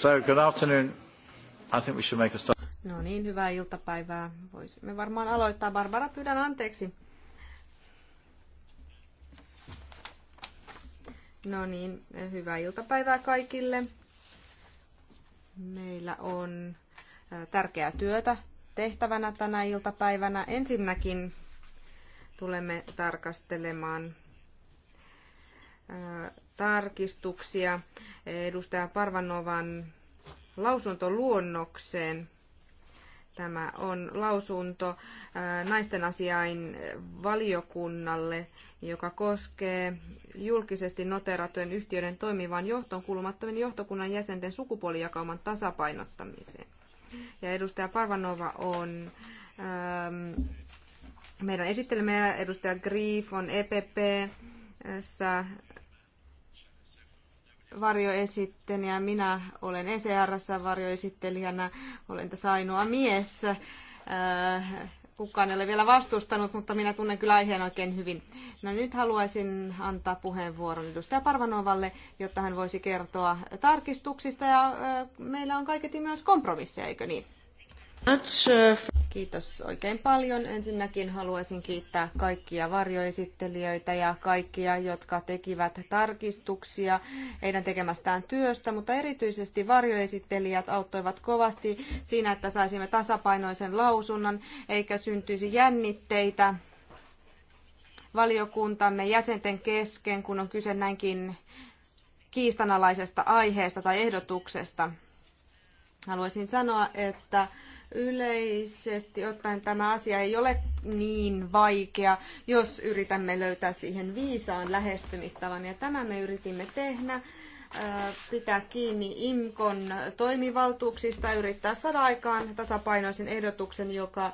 So, good afternoon. I think we should make a start. No niin, hyvää iltapäivää. Voisimme varmaan aloittaa. Barbara, pyydän anteeksi. No niin, hyvää iltapäivää kaikille. Meillä on tärkeää työtä tehtävänä tänä iltapäivänä. Ensinnäkin tulemme tarkastelemaan tarkistuksia edustaja Parvanovan lausuntoluonnokseen. Tämä on lausunto naisten asiain valiokunnalle, joka koskee julkisesti noterattujen yhtiöiden toimivan johtoon kuulumattomien johtokunnan jäsenten sukupuolijakauman tasapainottamiseen. Ja edustaja Parvanova on ähm, meidän esittelemme edustaja Grief on EPP varjoesittelijä. Minä olen ECRssä varjoesittelijänä. Olen tässä ainoa mies. Äh, kukaan ei ole vielä vastustanut, mutta minä tunnen kyllä aiheen oikein hyvin. No nyt haluaisin antaa puheenvuoron edustaja Parvanovalle, jotta hän voisi kertoa tarkistuksista ja äh, meillä on kaiketi myös kompromisseja, eikö niin? Äh, Kiitos oikein paljon. Ensinnäkin haluaisin kiittää kaikkia varjoesittelijöitä ja kaikkia, jotka tekivät tarkistuksia heidän tekemästään työstä, mutta erityisesti varjoesittelijät auttoivat kovasti siinä, että saisimme tasapainoisen lausunnon eikä syntyisi jännitteitä valiokuntamme jäsenten kesken, kun on kyse näinkin kiistanalaisesta aiheesta tai ehdotuksesta. Haluaisin sanoa, että Yleisesti ottaen tämä asia ei ole niin vaikea, jos yritämme löytää siihen viisaan lähestymistavan. Ja tämä me yritimme tehdä pitää kiinni IMKON toimivaltuuksista ja yrittää saada aikaan tasapainoisen ehdotuksen, joka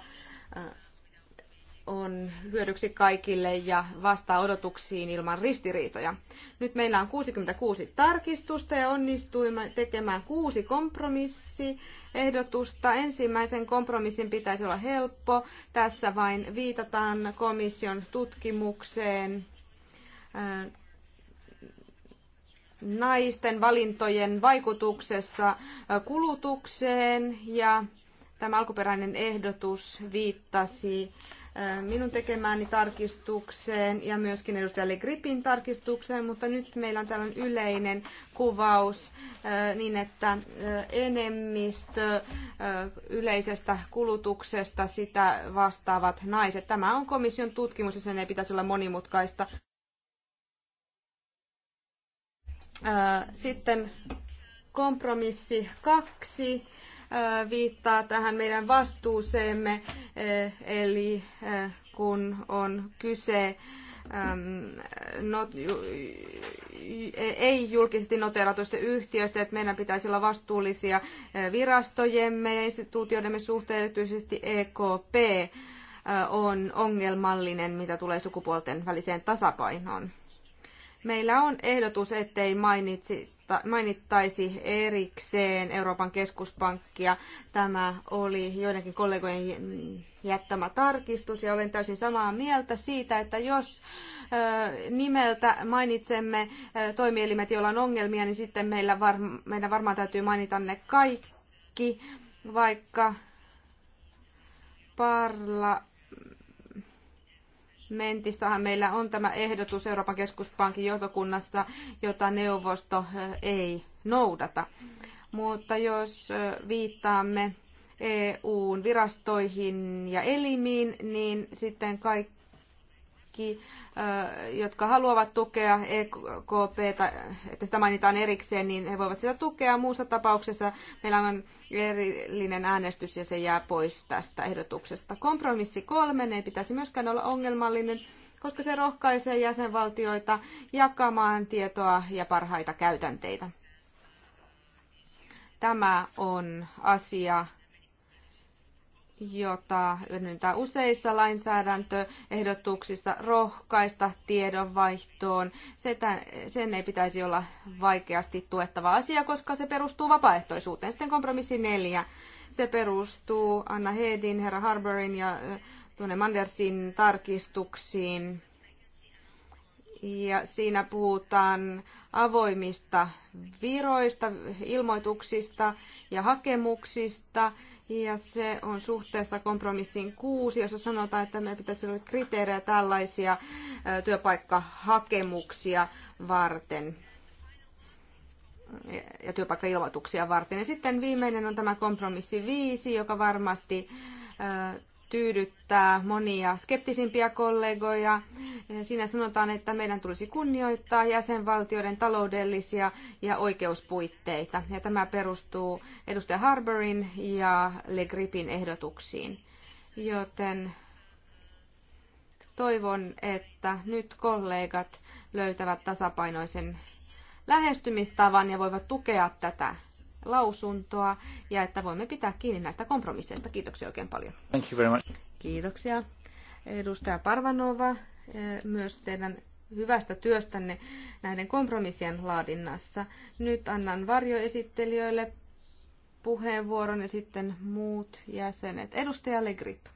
on hyödyksi kaikille ja vastaa odotuksiin ilman ristiriitoja. Nyt meillä on 66 tarkistusta ja onnistuimme tekemään kuusi kompromissiehdotusta. Ensimmäisen kompromissin pitäisi olla helppo. Tässä vain viitataan komission tutkimukseen naisten valintojen vaikutuksessa kulutukseen ja tämä alkuperäinen ehdotus viittasi Äh, minun tekemääni tarkistukseen ja myöskin edustaja Le Gripin tarkistukseen, mutta nyt meillä on tällainen yleinen kuvaus äh, niin, että äh, enemmistö yleisestä kulutuksesta sitä vastaavat naiset. Tämä on komission tutkimus ja sen ei pitäisi olla monimutkaista. Sitten kompromissi kaksi viittaa tähän meidän vastuuseemme, eli kun on kyse not, ei julkisesti noteratuista yhtiöistä, että meidän pitäisi olla vastuullisia virastojemme ja instituutioidemme suhteen, erityisesti EKP on ongelmallinen, mitä tulee sukupuolten väliseen tasapainoon. Meillä on ehdotus, ettei mainitsi mainittaisi erikseen Euroopan keskuspankkia. Tämä oli joidenkin kollegojen jättämä tarkistus ja olen täysin samaa mieltä siitä, että jos nimeltä mainitsemme toimielimet, joilla on ongelmia, niin sitten meillä var, meidän varmaan täytyy mainita ne kaikki, vaikka parla Mentistähän meillä on tämä ehdotus Euroopan keskuspankin johtokunnasta, jota neuvosto ei noudata. Mutta jos viittaamme EUn virastoihin ja elimiin, niin sitten kaikki jotka haluavat tukea EKP, että sitä mainitaan erikseen, niin he voivat sitä tukea. Muussa tapauksessa meillä on erillinen äänestys ja se jää pois tästä ehdotuksesta. Kompromissi kolmen ei pitäisi myöskään olla ongelmallinen, koska se rohkaisee jäsenvaltioita jakamaan tietoa ja parhaita käytänteitä. Tämä on asia, jota hyödyntää useissa lainsäädäntöehdotuksissa, rohkaista tiedonvaihtoon. Sen ei pitäisi olla vaikeasti tuettava asia, koska se perustuu vapaaehtoisuuteen. Sitten kompromissi neljä. Se perustuu Anna Hedin, Herra Harberin ja tuonne Mandersin tarkistuksiin. Ja siinä puhutaan avoimista viroista, ilmoituksista ja hakemuksista ja se on suhteessa kompromissiin kuusi, jossa sanotaan, että meillä pitäisi olla kriteerejä tällaisia työpaikkahakemuksia varten ja työpaikkailmoituksia varten. Ja sitten viimeinen on tämä kompromissi viisi, joka varmasti tyydyttää monia skeptisimpiä kollegoja. Siinä sanotaan, että meidän tulisi kunnioittaa jäsenvaltioiden taloudellisia ja oikeuspuitteita. Ja tämä perustuu edustaja Harberin ja Le Gripin ehdotuksiin. Joten toivon, että nyt kollegat löytävät tasapainoisen lähestymistavan ja voivat tukea tätä lausuntoa ja että voimme pitää kiinni näistä kompromisseista. Kiitoksia oikein paljon. Thank you very much. Kiitoksia. Edustaja Parvanova, eh, myös teidän hyvästä työstänne näiden kompromissien laadinnassa. Nyt annan varjoesittelijöille puheenvuoron ja sitten muut jäsenet. Edustaja Legrip.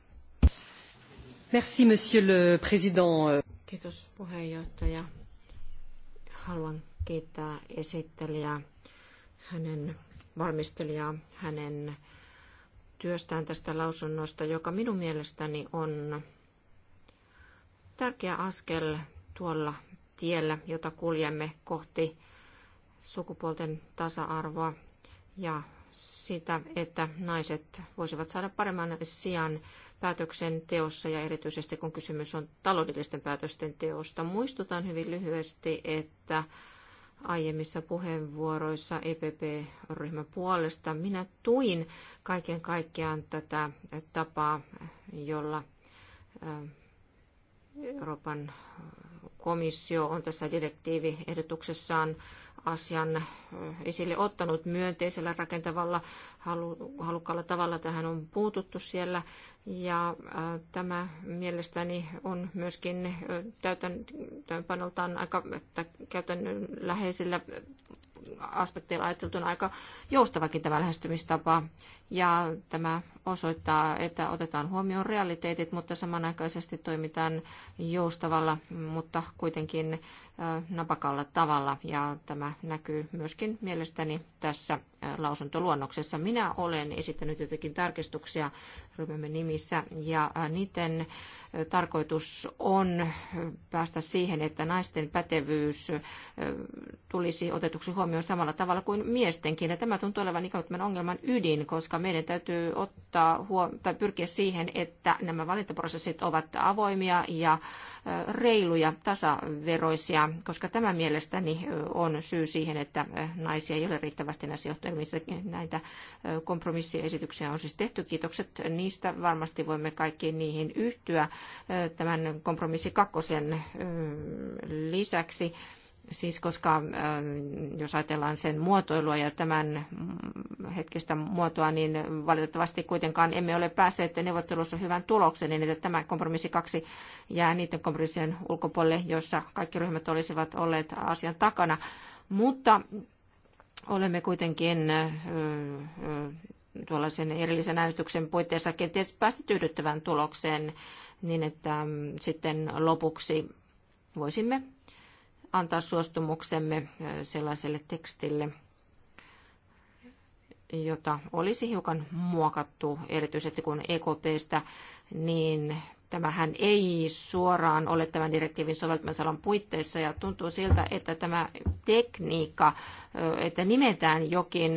Merci, monsieur le président. Kiitos puheenjohtaja. Haluan kiittää esittelijää hänen valmistelija hänen työstään tästä lausunnosta, joka minun mielestäni on tärkeä askel tuolla tiellä, jota kuljemme kohti sukupuolten tasa-arvoa ja sitä, että naiset voisivat saada paremman sijan päätöksenteossa ja erityisesti kun kysymys on taloudellisten päätösten teosta. Muistutan hyvin lyhyesti, että aiemmissa puheenvuoroissa EPP-ryhmän puolesta. Minä tuin kaiken kaikkiaan tätä tapaa, jolla Euroopan komissio on tässä direktiiviehdotuksessaan asian esille ottanut myönteisellä rakentavalla halukkaalla tavalla. Tähän on puututtu siellä ja äh, tämä mielestäni on myöskin äh, täytäntöönpanoltaan aika tai käytännönläheisillä aspekteilla ajateltuna aika joustavakin tämä lähestymistapa. Ja tämä osoittaa, että otetaan huomioon realiteetit, mutta samanaikaisesti toimitaan joustavalla, mutta kuitenkin napakalla tavalla. Ja tämä näkyy myöskin mielestäni tässä lausuntoluonnoksessa. Minä olen esittänyt jotakin tarkistuksia ryhmämme nimissä, ja niiden tarkoitus on päästä siihen, että naisten pätevyys tulisi otetuksi huomioon huomioon samalla tavalla kuin miestenkin. Ja tämä tuntuu olevan ikään kuin ongelman ydin, koska meidän täytyy ottaa huom- tai pyrkiä siihen, että nämä valintaprosessit ovat avoimia ja reiluja, tasaveroisia, koska tämä mielestäni on syy siihen, että naisia ei ole riittävästi näissä johtoelmissä. Näitä kompromissiesityksiä on siis tehty. Kiitokset niistä. Varmasti voimme kaikki niihin yhtyä tämän kompromissi kakkosen lisäksi. Siis koska äh, jos ajatellaan sen muotoilua ja tämän hetkistä muotoa, niin valitettavasti kuitenkaan emme ole päässeet neuvottelussa hyvän tuloksen, niin että tämä kompromissi kaksi jää niiden kompromissien ulkopuolelle, jossa kaikki ryhmät olisivat olleet asian takana. Mutta olemme kuitenkin äh, äh, tuollaisen erillisen äänestyksen puitteissa kenties päästy tyydyttävään tulokseen, niin että mm, sitten lopuksi voisimme antaa suostumuksemme äh, sellaiselle tekstille, jota olisi hiukan muokattu, erityisesti kun EKPstä, niin tämähän ei suoraan ole tämän direktiivin soveltamisalan puitteissa ja tuntuu siltä, että tämä tekniikka, äh, että nimetään jokin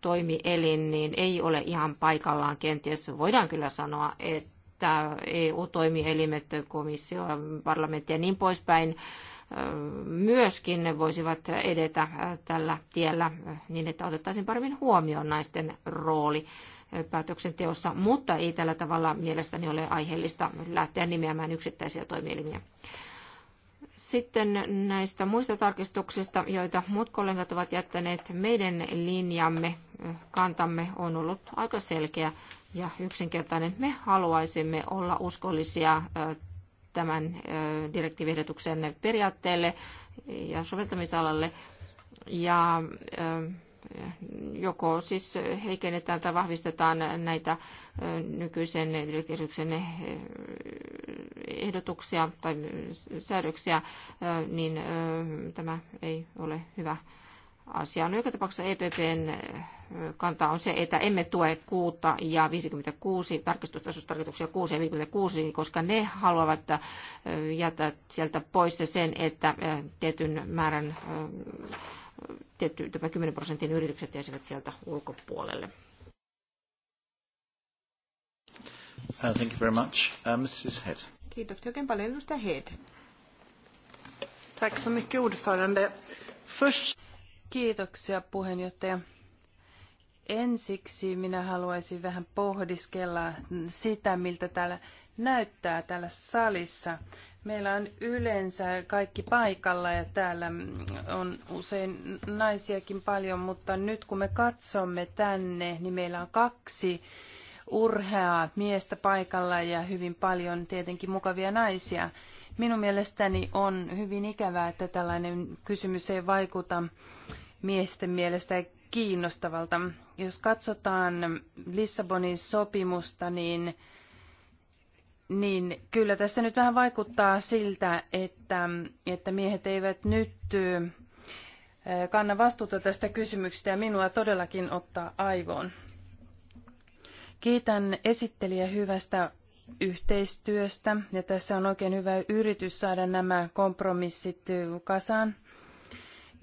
toimielin, niin ei ole ihan paikallaan kenties. Voidaan kyllä sanoa, että EU-toimielimet, komissio, parlamentti ja niin poispäin, myöskin ne voisivat edetä tällä tiellä niin, että otettaisiin paremmin huomioon naisten rooli päätöksenteossa, mutta ei tällä tavalla mielestäni ole aiheellista lähteä nimeämään yksittäisiä toimielimiä. Sitten näistä muista tarkistuksista, joita muut kollegat ovat jättäneet, meidän linjamme, kantamme on ollut aika selkeä ja yksinkertainen. Me haluaisimme olla uskollisia tämän direktiivehdotuksen periaatteelle ja soveltamisalalle. Ja joko siis heikennetään tai vahvistetaan näitä nykyisen direktiivehdotuksen ehdotuksia tai säädöksiä, niin tämä ei ole hyvä asiaan. Joka tapauksessa EPPn kanta on se, että emme tue kuutta ja 56 tarkistustasoustarkoituksia 6 ja 56, koska ne haluavat jättää sieltä pois sen, että tietyn määrän tietty, tämä 10 prosentin yritykset jäisivät sieltä ulkopuolelle. Uh, thank you very much. Uh, Mrs. Head. Kiitoksia oikein paljon, edustaja Head. Tack så mycket, ordförande. Först... Kiitoksia puheenjohtaja. Ensiksi minä haluaisin vähän pohdiskella sitä, miltä täällä näyttää täällä salissa. Meillä on yleensä kaikki paikalla ja täällä on usein naisiakin paljon, mutta nyt kun me katsomme tänne, niin meillä on kaksi urheaa miestä paikalla ja hyvin paljon tietenkin mukavia naisia. Minun mielestäni on hyvin ikävää, että tällainen kysymys ei vaikuta miesten mielestä kiinnostavalta. Jos katsotaan Lissabonin sopimusta, niin, niin kyllä tässä nyt vähän vaikuttaa siltä, että, että miehet eivät nyt kanna vastuuta tästä kysymyksestä ja minua todellakin ottaa aivoon. Kiitän esittelijä hyvästä yhteistyöstä ja tässä on oikein hyvä yritys saada nämä kompromissit uh, kasaan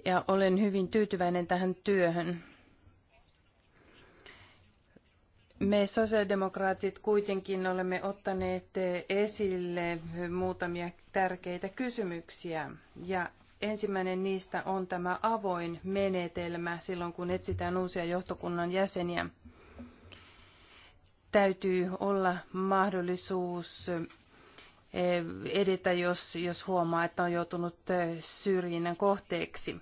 ja olen hyvin tyytyväinen tähän työhön. Me sosiaalidemokraatit kuitenkin olemme ottaneet uh, esille muutamia tärkeitä kysymyksiä ja ensimmäinen niistä on tämä avoin menetelmä silloin, kun etsitään uusia johtokunnan jäseniä täytyy olla mahdollisuus eh, edetä, jos, jos huomaa, että on joutunut eh, syrjinnän kohteeksi.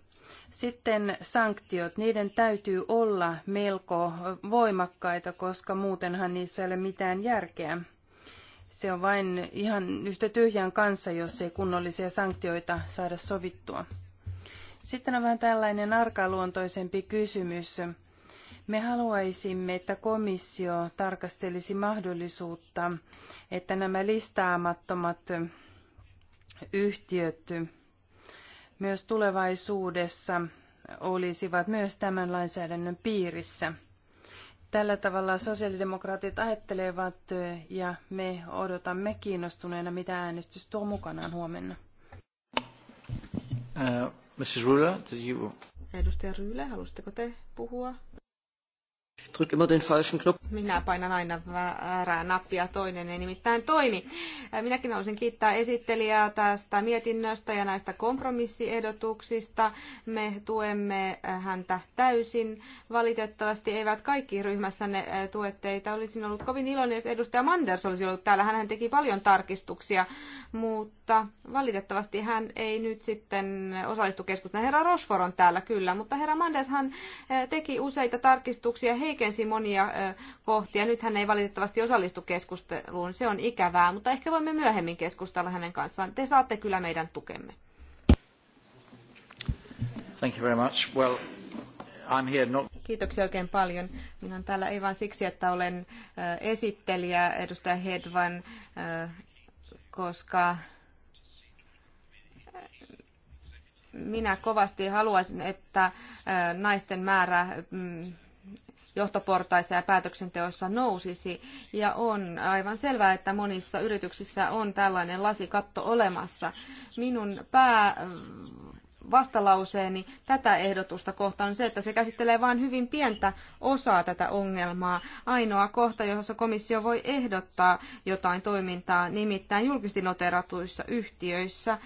Sitten sanktiot, niiden täytyy olla melko voimakkaita, koska muutenhan niissä ei ole mitään järkeä. Se on vain ihan yhtä tyhjän kanssa, jos ei kunnollisia sanktioita saada sovittua. Sitten on vähän tällainen arkaluontoisempi kysymys me haluaisimme, että komissio tarkastelisi mahdollisuutta, että nämä listaamattomat yhtiöt myös tulevaisuudessa olisivat myös tämän lainsäädännön piirissä. Tällä tavalla sosiaalidemokraatit ajattelevat ja me odotamme kiinnostuneena, mitä äänestys tuo mukanaan huomenna. Uh, Mrs. Rula, did you... Edustaja Ryylä, halusitteko te puhua? immer den falschen Knopf. Minä painan aina väärää nappia, toinen ei nimittäin toimi. Äh, minäkin haluaisin kiittää esittelijää tästä mietinnöstä ja näistä kompromissiehdotuksista. Me tuemme äh, häntä täysin. Valitettavasti eivät kaikki ryhmässänne äh, tue teitä. Olisin ollut kovin iloinen, jos edustaja Manders olisi ollut täällä. Hän teki paljon tarkistuksia, mutta valitettavasti hän ei nyt sitten osallistu keskusteluun. Herra Rosfor on täällä kyllä, mutta herra Manders hän teki useita tarkistuksia. He heikensi monia kohtia. Nyt hän ei valitettavasti osallistu keskusteluun, se on ikävää, mutta ehkä voimme myöhemmin keskustella hänen kanssaan. Te saatte kyllä meidän tukemme. Thank you very much. Well, I'm here not... Kiitoksia oikein paljon. Minä olen täällä ei vain siksi, että olen esittelijä edustaja Hedvan, koska minä kovasti haluaisin, että naisten määrä mm, johtoportaissa ja päätöksenteossa nousisi. Ja on aivan selvää, että monissa yrityksissä on tällainen lasikatto olemassa. Minun pää vastalauseeni tätä ehdotusta kohtaan on se, että se käsittelee vain hyvin pientä osaa tätä ongelmaa. Ainoa kohta, jossa komissio voi ehdottaa jotain toimintaa, nimittäin julkisesti noteratuissa yhtiöissä.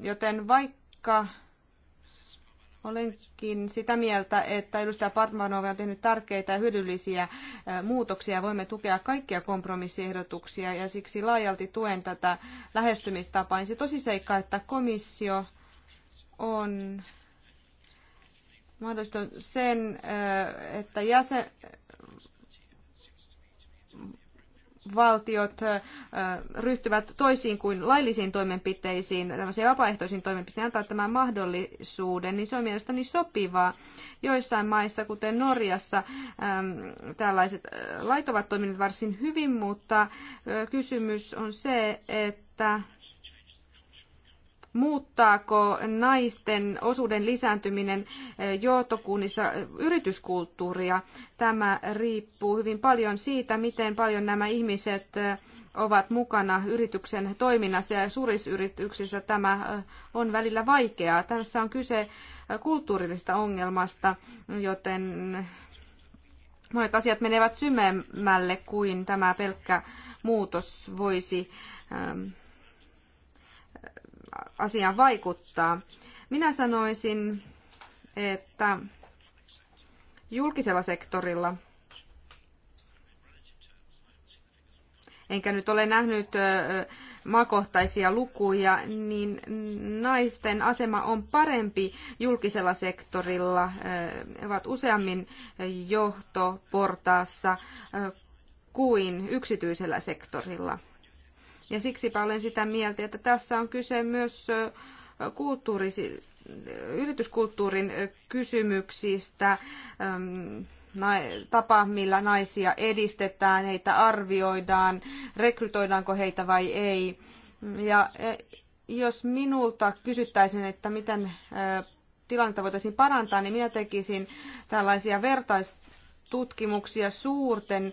Joten vaikka Olenkin sitä mieltä, että edustaja Partmanova on tehnyt tärkeitä ja hyödyllisiä muutoksia. Voimme tukea kaikkia kompromissiehdotuksia ja siksi laajalti tuen tätä lähestymistapaa. Niin se tosiseikka, että komissio on mahdollistanut sen, että jäsen, valtiot ryhtyvät toisiin kuin laillisiin toimenpiteisiin, tämmöisiin vapaaehtoisiin toimenpiteisiin, antaa tämän mahdollisuuden, niin se on mielestäni sopivaa. Joissain maissa, kuten Norjassa, tällaiset lait ovat toimineet varsin hyvin, mutta kysymys on se, että Muuttaako naisten osuuden lisääntyminen eh, johtokunnissa eh, yrityskulttuuria? Tämä riippuu hyvin paljon siitä, miten paljon nämä ihmiset eh, ovat mukana yrityksen toiminnassa ja suurisyrityksissä tämä on välillä vaikeaa. Tässä on kyse kulttuurillisesta ongelmasta, joten monet asiat menevät syvemmälle kuin tämä pelkkä muutos voisi asiaan vaikuttaa. Minä sanoisin, että julkisella sektorilla, enkä nyt ole nähnyt maakohtaisia lukuja, niin naisten asema on parempi julkisella sektorilla. He ovat useammin johtoportaassa kuin yksityisellä sektorilla. Ja siksipä olen sitä mieltä, että tässä on kyse myös yrityskulttuurin kysymyksistä, tapa, millä naisia edistetään, heitä arvioidaan, rekrytoidaanko heitä vai ei. Ja e, jos minulta kysyttäisiin, että miten tilannetta voitaisiin parantaa, niin minä tekisin tällaisia vertais tutkimuksia suurten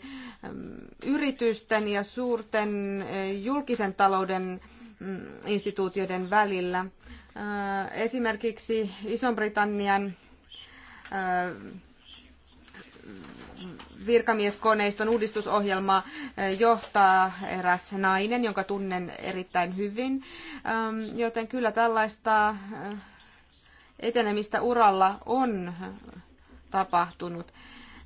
yritysten ja suurten julkisen talouden mm, instituutioiden välillä. Esimerkiksi Ison-Britannian virkamieskoneiston uudistusohjelma johtaa eräs nainen, jonka tunnen erittäin hyvin. Joten kyllä tällaista etenemistä uralla on tapahtunut.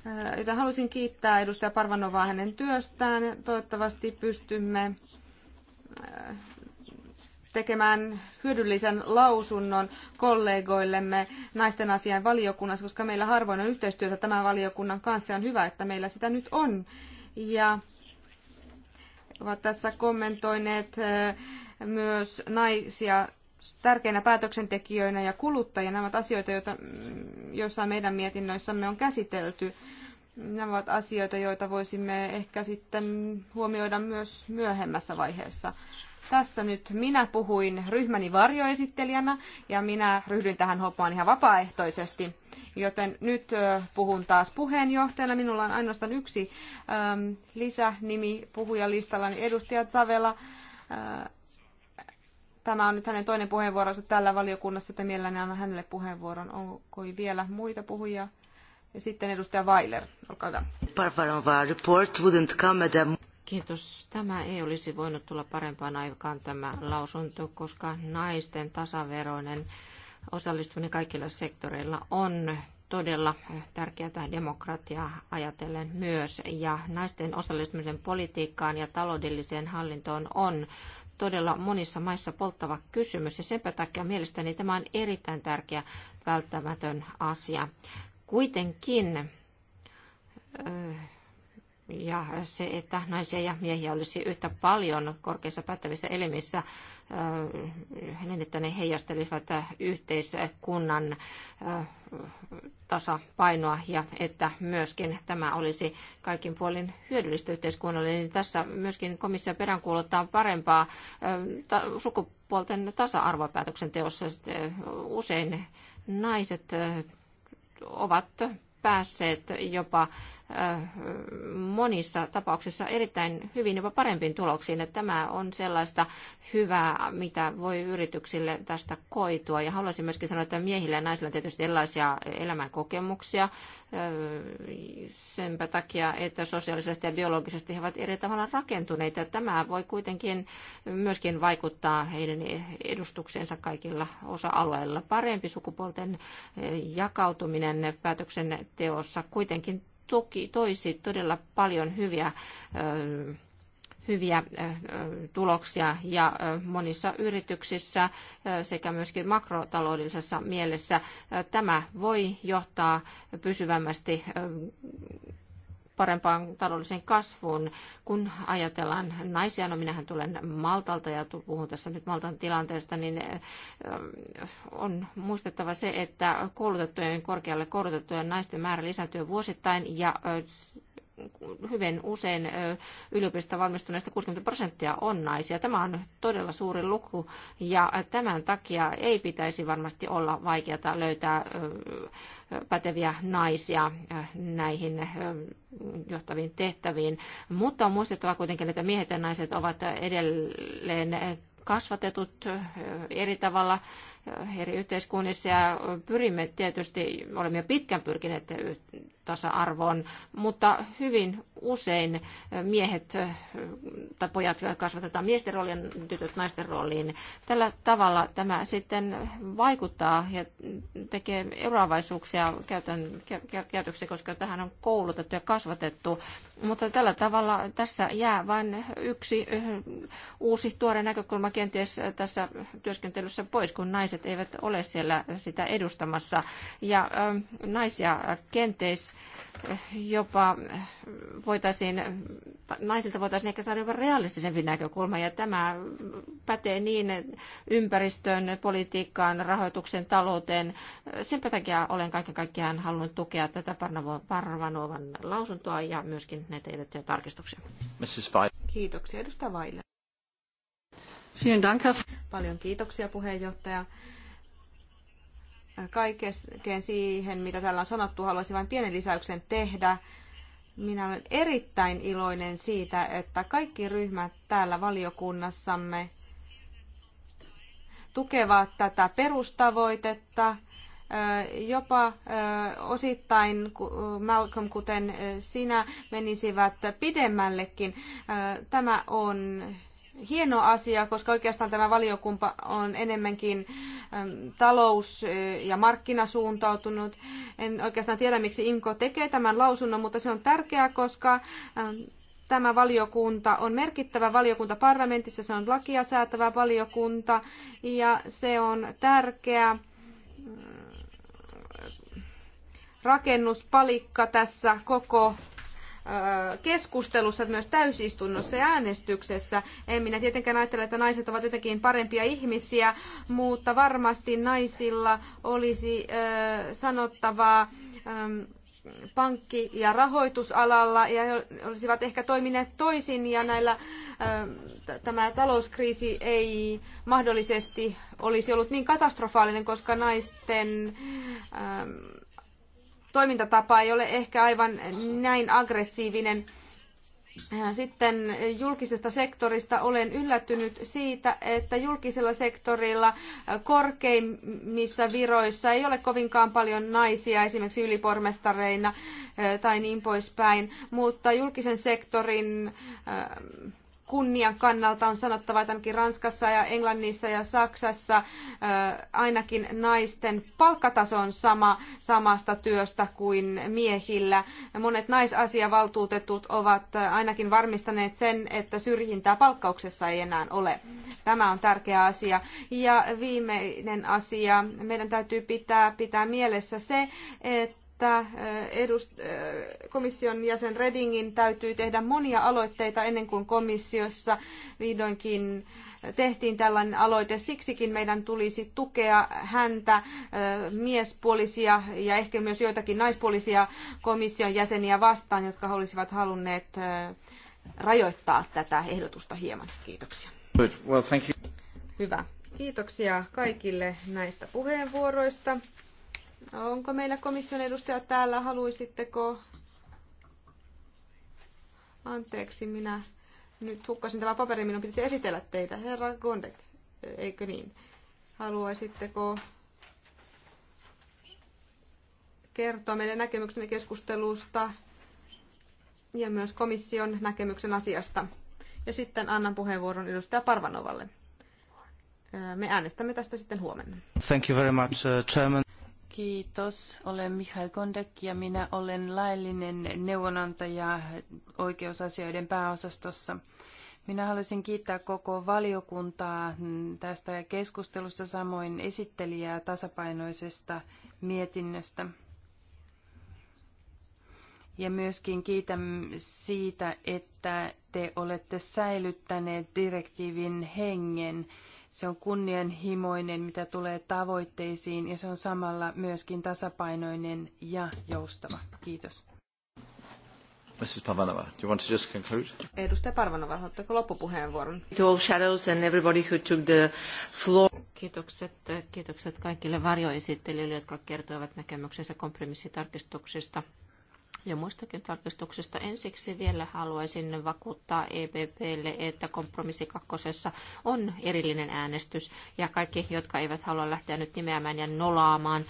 Äh, jota haluaisin kiittää edustaja Parvanovaa hänen työstään. Toivottavasti pystymme äh, tekemään hyödyllisen lausunnon kollegoillemme naisten asian valiokunnassa, koska meillä harvoin on yhteistyötä tämän valiokunnan kanssa. On hyvä, että meillä sitä nyt on. Ja ovat tässä kommentoineet äh, myös naisia tärkeinä päätöksentekijöinä ja kuluttajina. Nämä ovat asioita, joita, mm, joissa meidän mietinnöissämme on käsitelty. Nämä ovat asioita, joita voisimme ehkä sitten huomioida myös myöhemmässä vaiheessa. Tässä nyt minä puhuin ryhmäni varjoesittelijänä ja minä ryhdyin tähän hommaan ihan vapaaehtoisesti. Joten nyt puhun taas puheenjohtajana. Minulla on ainoastaan yksi ähm, lisänimi listalla, niin edustaja Zavela. Äh, tämä on nyt hänen toinen puheenvuoronsa tällä valiokunnassa, että mielelläni annan hänelle puheenvuoron. Onko vielä muita puhujia? Ja sitten edustaja Weiler, olkaa hyvä. report wouldn't come at a... Kiitos. Tämä ei olisi voinut tulla parempaan aikaan tämä lausunto, koska naisten tasaveroinen osallistuminen kaikilla sektoreilla on todella tärkeää demokratiaa ajatellen myös. Ja naisten osallistumisen politiikkaan ja taloudelliseen hallintoon on todella monissa maissa polttava kysymys ja sen takia mielestäni tämä on erittäin tärkeä välttämätön asia. Kuitenkin ja se, että naisia ja miehiä olisi yhtä paljon korkeissa päättävissä elimissä, niin että ne heijastelisivat yhteiskunnan tasapainoa ja että myöskin tämä olisi kaikin puolin hyödyllistä yhteiskunnalle, niin tässä myöskin komissio peräänkuuluttaa parempaa sukupuolten tasa-arvoa päätöksenteossa. Usein naiset ovat päässeet jopa Äh, monissa tapauksissa erittäin hyvin, jopa parempiin tuloksiin. Että tämä on sellaista hyvää, mitä voi yrityksille tästä koitua. Ja haluaisin myöskin sanoa, että miehillä ja naisilla on tietysti erilaisia elämänkokemuksia äh, sen takia, että sosiaalisesti ja biologisesti he ovat eri tavalla rakentuneita. Tämä voi kuitenkin myöskin vaikuttaa heidän edustuksensa kaikilla osa-alueilla. Parempi sukupuolten jakautuminen päätöksenteossa kuitenkin tuki toisi todella paljon hyviä hyviä tuloksia ja monissa yrityksissä sekä myöskin makrotaloudellisessa mielessä tämä voi johtaa pysyvämmästi parempaan taloudelliseen kasvuun. Kun ajatellaan naisia, no minähän tulen Maltalta ja puhun tässä nyt Maltan tilanteesta, niin on muistettava se, että koulutettujen, korkealle koulutettujen naisten määrä lisääntyy vuosittain ja hyvin usein yliopistosta valmistuneista 60 prosenttia on naisia. Tämä on todella suuri luku ja tämän takia ei pitäisi varmasti olla vaikeata löytää päteviä naisia näihin johtaviin tehtäviin. Mutta on muistettava kuitenkin, että miehet ja naiset ovat edelleen kasvatetut eri tavalla eri yhteiskunnissa ja pyrimme tietysti, olemme jo pitkään pyrkineet tasa-arvoon, mutta hyvin usein miehet tai pojat kasvatetaan miesten rooliin, tytöt naisten rooliin. Tällä tavalla tämä sitten vaikuttaa ja tekee eroavaisuuksia käytöksiä, koska tähän on koulutettu ja kasvatettu. Mutta tällä tavalla tässä jää vain yksi uusi tuore näkökulma kenties tässä työskentelyssä pois, kun naiset naiset eivät ole siellä sitä edustamassa. Ja naisia kenties jopa voitaisiin, naisilta voitaisiin ehkä saada jopa realistisempi näkökulma, ja tämä pätee niin ympäristöön, politiikkaan, rahoituksen, talouteen. Sen takia olen kaiken kaikkiaan halunnut tukea tätä Parvanovan lausuntoa ja myöskin näitä edettyjä tarkistuksia. Mrs. Kiitoksia, edustaja Vaille. Vielen Dank, Paljon kiitoksia puheenjohtaja. Kaikkeen siihen, mitä täällä on sanottu, haluaisin vain pienen lisäyksen tehdä. Minä olen erittäin iloinen siitä, että kaikki ryhmät täällä valiokunnassamme tukevat tätä perustavoitetta. Jopa osittain, Malcolm, kuten sinä, menisivät pidemmällekin. Tämä on hieno asia, koska oikeastaan tämä valiokunta on enemmänkin talous- ja markkinasuuntautunut. En oikeastaan tiedä, miksi Inko tekee tämän lausunnon, mutta se on tärkeää, koska tämä valiokunta on merkittävä valiokunta parlamentissa, se on lakia säätävä valiokunta ja se on tärkeä rakennuspalikka tässä koko keskustelussa, myös täysistunnossa ja äänestyksessä. En minä tietenkään ajattele, että naiset ovat jotenkin parempia ihmisiä, mutta varmasti naisilla olisi sanottavaa pankki- ja rahoitusalalla ja he olisivat ehkä toimineet toisin ja näillä tämä talouskriisi ei mahdollisesti olisi ollut niin katastrofaalinen, koska naisten toimintatapa ei ole ehkä aivan näin aggressiivinen. Äh, Sitten julkisesta sektorista olen yllättynyt siitä, että julkisella sektorilla korkeimmissa viroissa ei ole kovinkaan paljon naisia, esimerkiksi ylipormestareina äh, tai niin poispäin, mutta julkisen sektorin äh, kunnian kannalta on sanottava, että ainakin Ranskassa ja Englannissa ja Saksassa ainakin naisten palkkataso on sama samasta työstä kuin miehillä. Monet naisasiavaltuutetut ovat ainakin varmistaneet sen, että syrjintää palkkauksessa ei enää ole. Tämä on tärkeä asia. Ja viimeinen asia, meidän täytyy pitää, pitää mielessä se, että että äh, edust- äh, komission jäsen Redingin täytyy tehdä monia aloitteita ennen kuin komissiossa vihdoinkin tehtiin tällainen aloite. Siksikin meidän tulisi tukea häntä, äh, miespuolisia ja ehkä myös joitakin naispuolisia komission jäseniä vastaan, jotka olisivat halunneet rajoittaa tätä ehdotusta hieman. Kiitoksia. Well, Hyvä. Kiitoksia kaikille näistä puheenvuoroista. Onko meillä komission edustaja täällä? Haluaisitteko? Anteeksi, minä nyt hukkasin tämä paperi, minun pitäisi esitellä teitä. Herra Gondek, eikö niin? Haluaisitteko kertoa meidän näkemyksenne keskustelusta ja myös komission näkemyksen asiasta? Ja sitten annan puheenvuoron edustaja Parvanovalle. Me äänestämme tästä sitten huomenna. Thank you very much, uh, Chairman. Kiitos. Olen Mihail Kondek ja minä olen laillinen neuvonantaja oikeusasioiden pääosastossa. Minä haluaisin kiittää koko valiokuntaa tästä keskustelusta, samoin esittelijää tasapainoisesta mietinnöstä. Ja myöskin kiitän siitä, että te olette säilyttäneet direktiivin hengen se on kunnianhimoinen, mitä tulee tavoitteisiin, ja se on samalla myöskin tasapainoinen ja joustava. Kiitos. Mrs. Parvanova, do you want to just conclude? Edustaja Parvanova, haluatteko loppupuheenvuoron? To all shadows and everybody who took the floor. Kiitokset, kiitokset kaikille varjoesittelijöille, jotka kertoivat näkemyksensä kompromissitarkistuksista ja muistakin tarkistuksista. Ensiksi vielä haluaisin vakuuttaa EPPlle, että kompromissi kakkosessa on erillinen äänestys ja kaikki, jotka eivät halua lähteä nyt nimeämään ja nolaamaan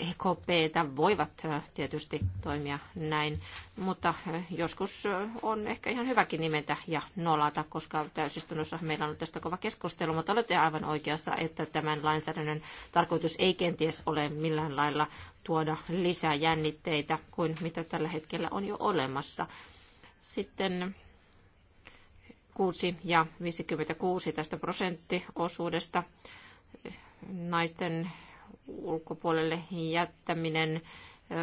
EKPtä voivat äh, tietysti toimia näin, mutta äh, joskus äh, on ehkä ihan hyväkin nimetä ja nolata, koska täysistunnossa meillä on tästä kova keskustelu, mutta olette aivan oikeassa, että tämän lainsäädännön tarkoitus ei kenties ole millään lailla tuoda lisää jännitteitä kuin mitä tällä hetkellä on jo olemassa. Sitten 6 ja 56 tästä prosenttiosuudesta naisten ulkopuolelle jättäminen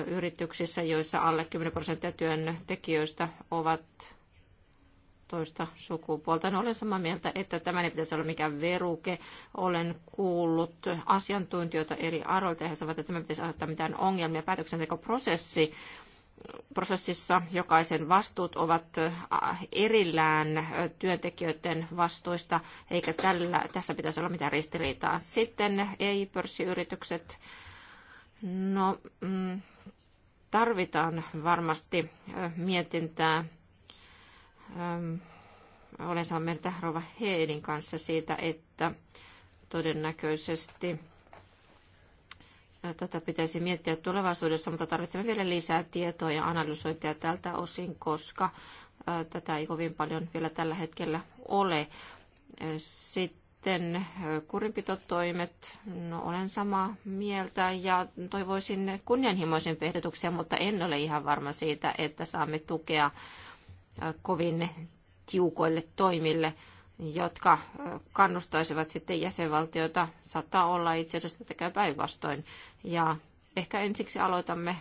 yrityksissä, joissa alle 10 prosenttia työntekijöistä ovat toista sukupuolta. No, olen samaa mieltä, että tämä ei pitäisi olla mikään veruke. Olen kuullut asiantuntijoita eri aroilta ja he sanovat, että tämä pitäisi aiheuttaa mitään ongelmia päätöksentekoprosessi prosessissa jokaisen vastuut ovat äh, erillään äh, työntekijöiden vastuista, eikä tällä, tässä pitäisi olla mitään ristiriitaa. Sitten ei-pörssiyritykset, no mm, tarvitaan varmasti äh, mietintää Ähm, olen saanut mieltä Rova Heedin kanssa siitä, että todennäköisesti äh, tätä pitäisi miettiä tulevaisuudessa, mutta tarvitsemme vielä lisää tietoa ja analysointia tältä osin, koska äh, tätä ei kovin paljon vielä tällä hetkellä ole. Äh, sitten kurinpitotoimet, no olen samaa mieltä ja toivoisin kunnianhimoisempia ehdotuksia, mutta en ole ihan varma siitä, että saamme tukea kovin tiukoille toimille, jotka kannustaisivat sitten jäsenvaltioita. Saattaa olla itse asiassa tekee päinvastoin. Ja ehkä ensiksi aloitamme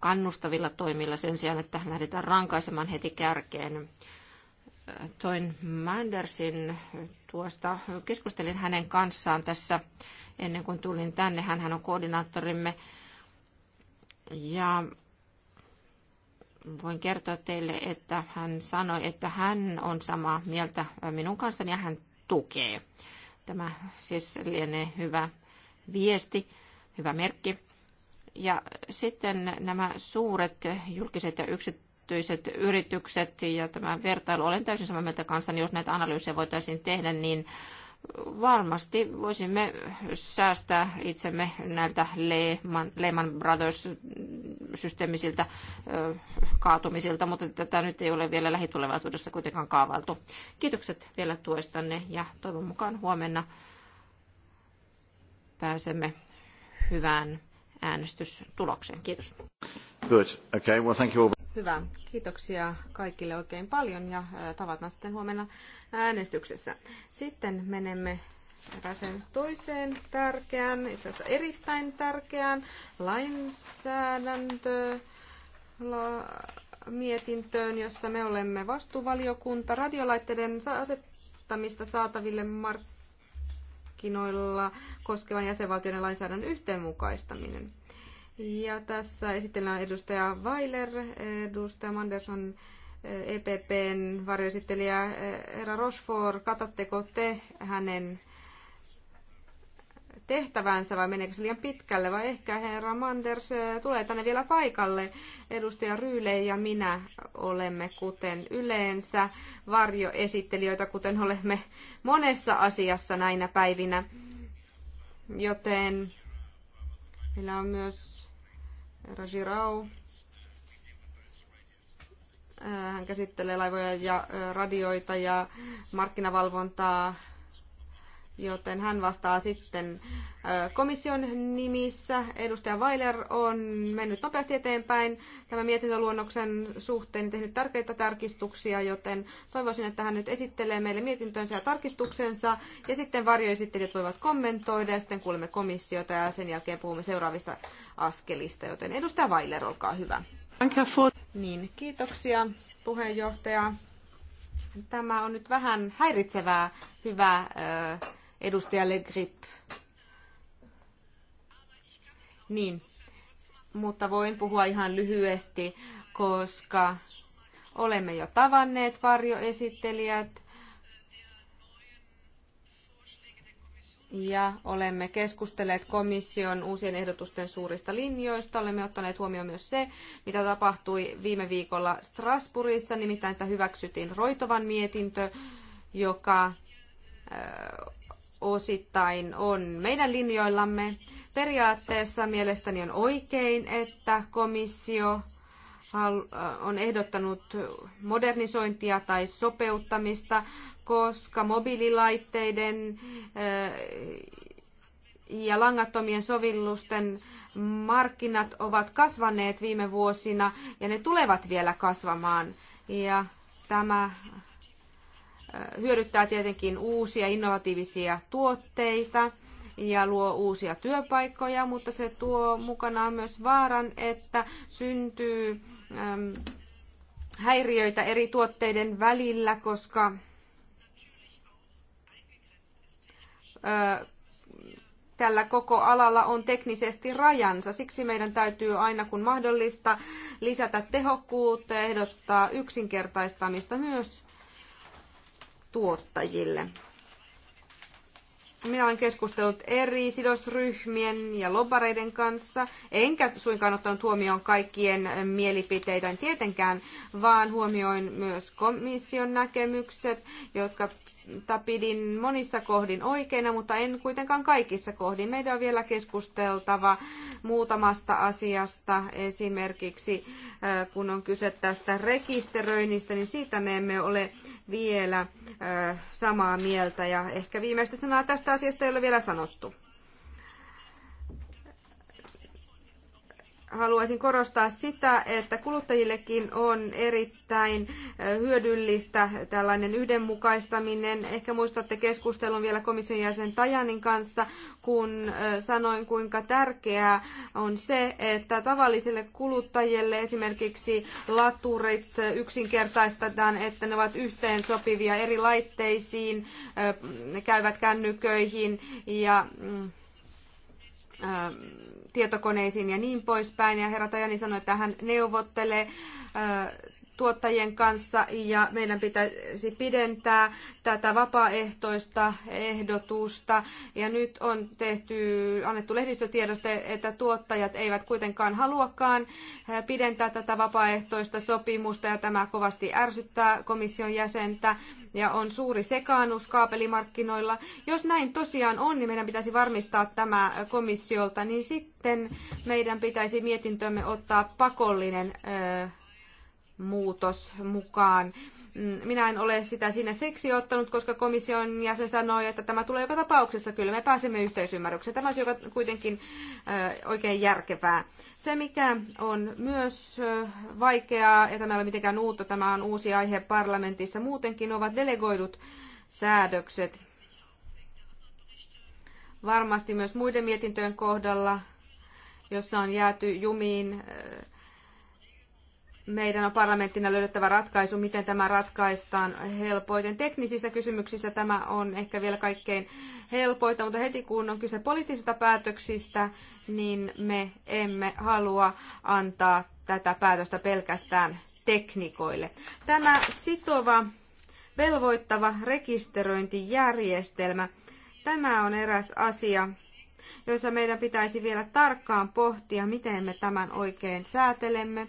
kannustavilla toimilla sen sijaan, että lähdetään rankaisemaan heti kärkeen. Toin Mandersin tuosta, keskustelin hänen kanssaan tässä ennen kuin tulin tänne. hän on koordinaattorimme. Ja voin kertoa teille, että hän sanoi, että hän on samaa mieltä minun kanssani ja hän tukee. Tämä siis lienee hyvä viesti, hyvä merkki. Ja sitten nämä suuret julkiset ja yksityiset yritykset ja tämä vertailu, olen täysin samaa mieltä kanssani, jos näitä analyysejä voitaisiin tehdä, niin varmasti voisimme säästää itsemme näiltä Lehman, Lehman Brothers-systeemisiltä kaatumisilta, mutta tätä nyt ei ole vielä lähitulevaisuudessa kuitenkaan kaavailtu. Kiitokset vielä tuestanne ja toivon mukaan huomenna pääsemme hyvään äänestystulokseen. Kiitos. Good. Okay. Well, thank you all. Hyvä. Kiitoksia kaikille oikein paljon ja tavataan sitten huomenna äänestyksessä. Sitten menemme sen toiseen tärkeään, itse asiassa erittäin tärkeään lainsäädäntö mietintöön, jossa me olemme vastuuvaliokunta radiolaitteiden asettamista saataville markkinoilla koskevan jäsenvaltioiden lainsäädännön yhteenmukaistaminen. Ja tässä esitellään edustaja Weiler, edustaja Manderson, EPPn varjoesittelijä. Herra Rochefort, katatteko te hänen tehtävänsä vai meneekö se liian pitkälle vai ehkä herra Manders eh, tulee tänne vielä paikalle. Edustaja Ryyle ja minä olemme kuten yleensä varjoesittelijöitä, kuten olemme monessa asiassa näinä päivinä. Joten meillä on myös Rajirao. Äh, hän käsittelee laivoja ja äh, radioita ja markkinavalvontaa joten hän vastaa sitten komission nimissä. Edustaja Weiler on mennyt nopeasti eteenpäin tämän mietintöluonnoksen suhteen, tehnyt tärkeitä tarkistuksia, joten toivoisin, että hän nyt esittelee meille mietintönsä ja tarkistuksensa, ja sitten varjoesittelijät voivat kommentoida, ja sitten kuulemme komissiota, ja sen jälkeen puhumme seuraavista askelista, joten edustaja Weiler, olkaa hyvä. Niin, kiitoksia puheenjohtaja. Tämä on nyt vähän häiritsevää, hyvää edustaja Le Grip. Niin, mutta voin puhua ihan lyhyesti, koska olemme jo tavanneet varjoesittelijät ja olemme keskustelleet komission uusien ehdotusten suurista linjoista. Olemme ottaneet huomioon myös se, mitä tapahtui viime viikolla Strasbourgissa, nimittäin että hyväksyttiin Roitovan mietintö, joka osittain on meidän linjoillamme. Periaatteessa mielestäni on oikein, että komissio äh, on ehdottanut modernisointia tai sopeuttamista, koska mobiililaitteiden äh, ja langattomien sovellusten markkinat ovat kasvaneet viime vuosina ja ne tulevat vielä kasvamaan. Ja tämä hyödyttää tietenkin uusia innovatiivisia tuotteita ja luo uusia työpaikkoja, mutta se tuo mukanaan myös vaaran, että syntyy häiriöitä eri tuotteiden välillä, koska tällä koko alalla on teknisesti rajansa. Siksi meidän täytyy aina kun mahdollista lisätä tehokkuutta ja ehdottaa yksinkertaistamista myös tuottajille. Minä olen keskustellut eri sidosryhmien ja lobareiden kanssa, enkä suinkaan ottanut huomioon kaikkien mielipiteitä tietenkään, vaan huomioin myös komission näkemykset, jotka pidin monissa kohdin oikeina, mutta en kuitenkaan kaikissa kohdin. Meidän on vielä keskusteltava muutamasta asiasta, esimerkiksi äh, kun on kyse tästä rekisteröinnistä, niin siitä me emme ole vielä samaa mieltä ja ehkä viimeistä sanaa tästä asiasta ei ole vielä sanottu. haluaisin korostaa sitä, että kuluttajillekin on erittäin hyödyllistä tällainen yhdenmukaistaminen. Ehkä muistatte keskustelun vielä komission jäsen Tajanin kanssa, kun sanoin, kuinka tärkeää on se, että tavallisille kuluttajille esimerkiksi laturit yksinkertaistetaan, että ne ovat yhteen sopivia eri laitteisiin, ne käyvät kännyköihin ja mm, tietokoneisiin ja niin poispäin. Ja herra Tajani sanoi, että hän neuvottelee tuottajien kanssa ja meidän pitäisi pidentää tätä vapaaehtoista ehdotusta. Ja nyt on tehty, annettu lehdistötiedoste, että tuottajat eivät kuitenkaan haluakaan pidentää tätä vapaaehtoista sopimusta ja tämä kovasti ärsyttää komission jäsentä ja on suuri sekaannus kaapelimarkkinoilla. Jos näin tosiaan on, niin meidän pitäisi varmistaa tämä komissiolta, niin sitten meidän pitäisi mietintömme ottaa pakollinen muutos mukaan. Mm, minä en ole sitä siinä seksi ottanut, koska komission jäsen sanoi, että tämä tulee joka tapauksessa. Kyllä me pääsemme yhteisymmärrykseen. Tämä olisi kuitenkin oikein järkevää. Se, mikä on myös vaikeaa, ja tämä ei ole mitenkään uutta, tämä on uusi aihe parlamentissa muutenkin, ovat delegoidut säädökset. Varmasti myös muiden mietintöjen kohdalla, jossa on jääty jumiin äh, meidän on parlamenttina löydettävä ratkaisu, miten tämä ratkaistaan helpoiten. Teknisissä kysymyksissä tämä on ehkä vielä kaikkein helpoita, mutta heti kun on kyse poliittisista päätöksistä, niin me emme halua antaa tätä päätöstä pelkästään teknikoille. Tämä sitova, velvoittava rekisteröintijärjestelmä, tämä on eräs asia, jossa meidän pitäisi vielä tarkkaan pohtia, miten me tämän oikein säätelemme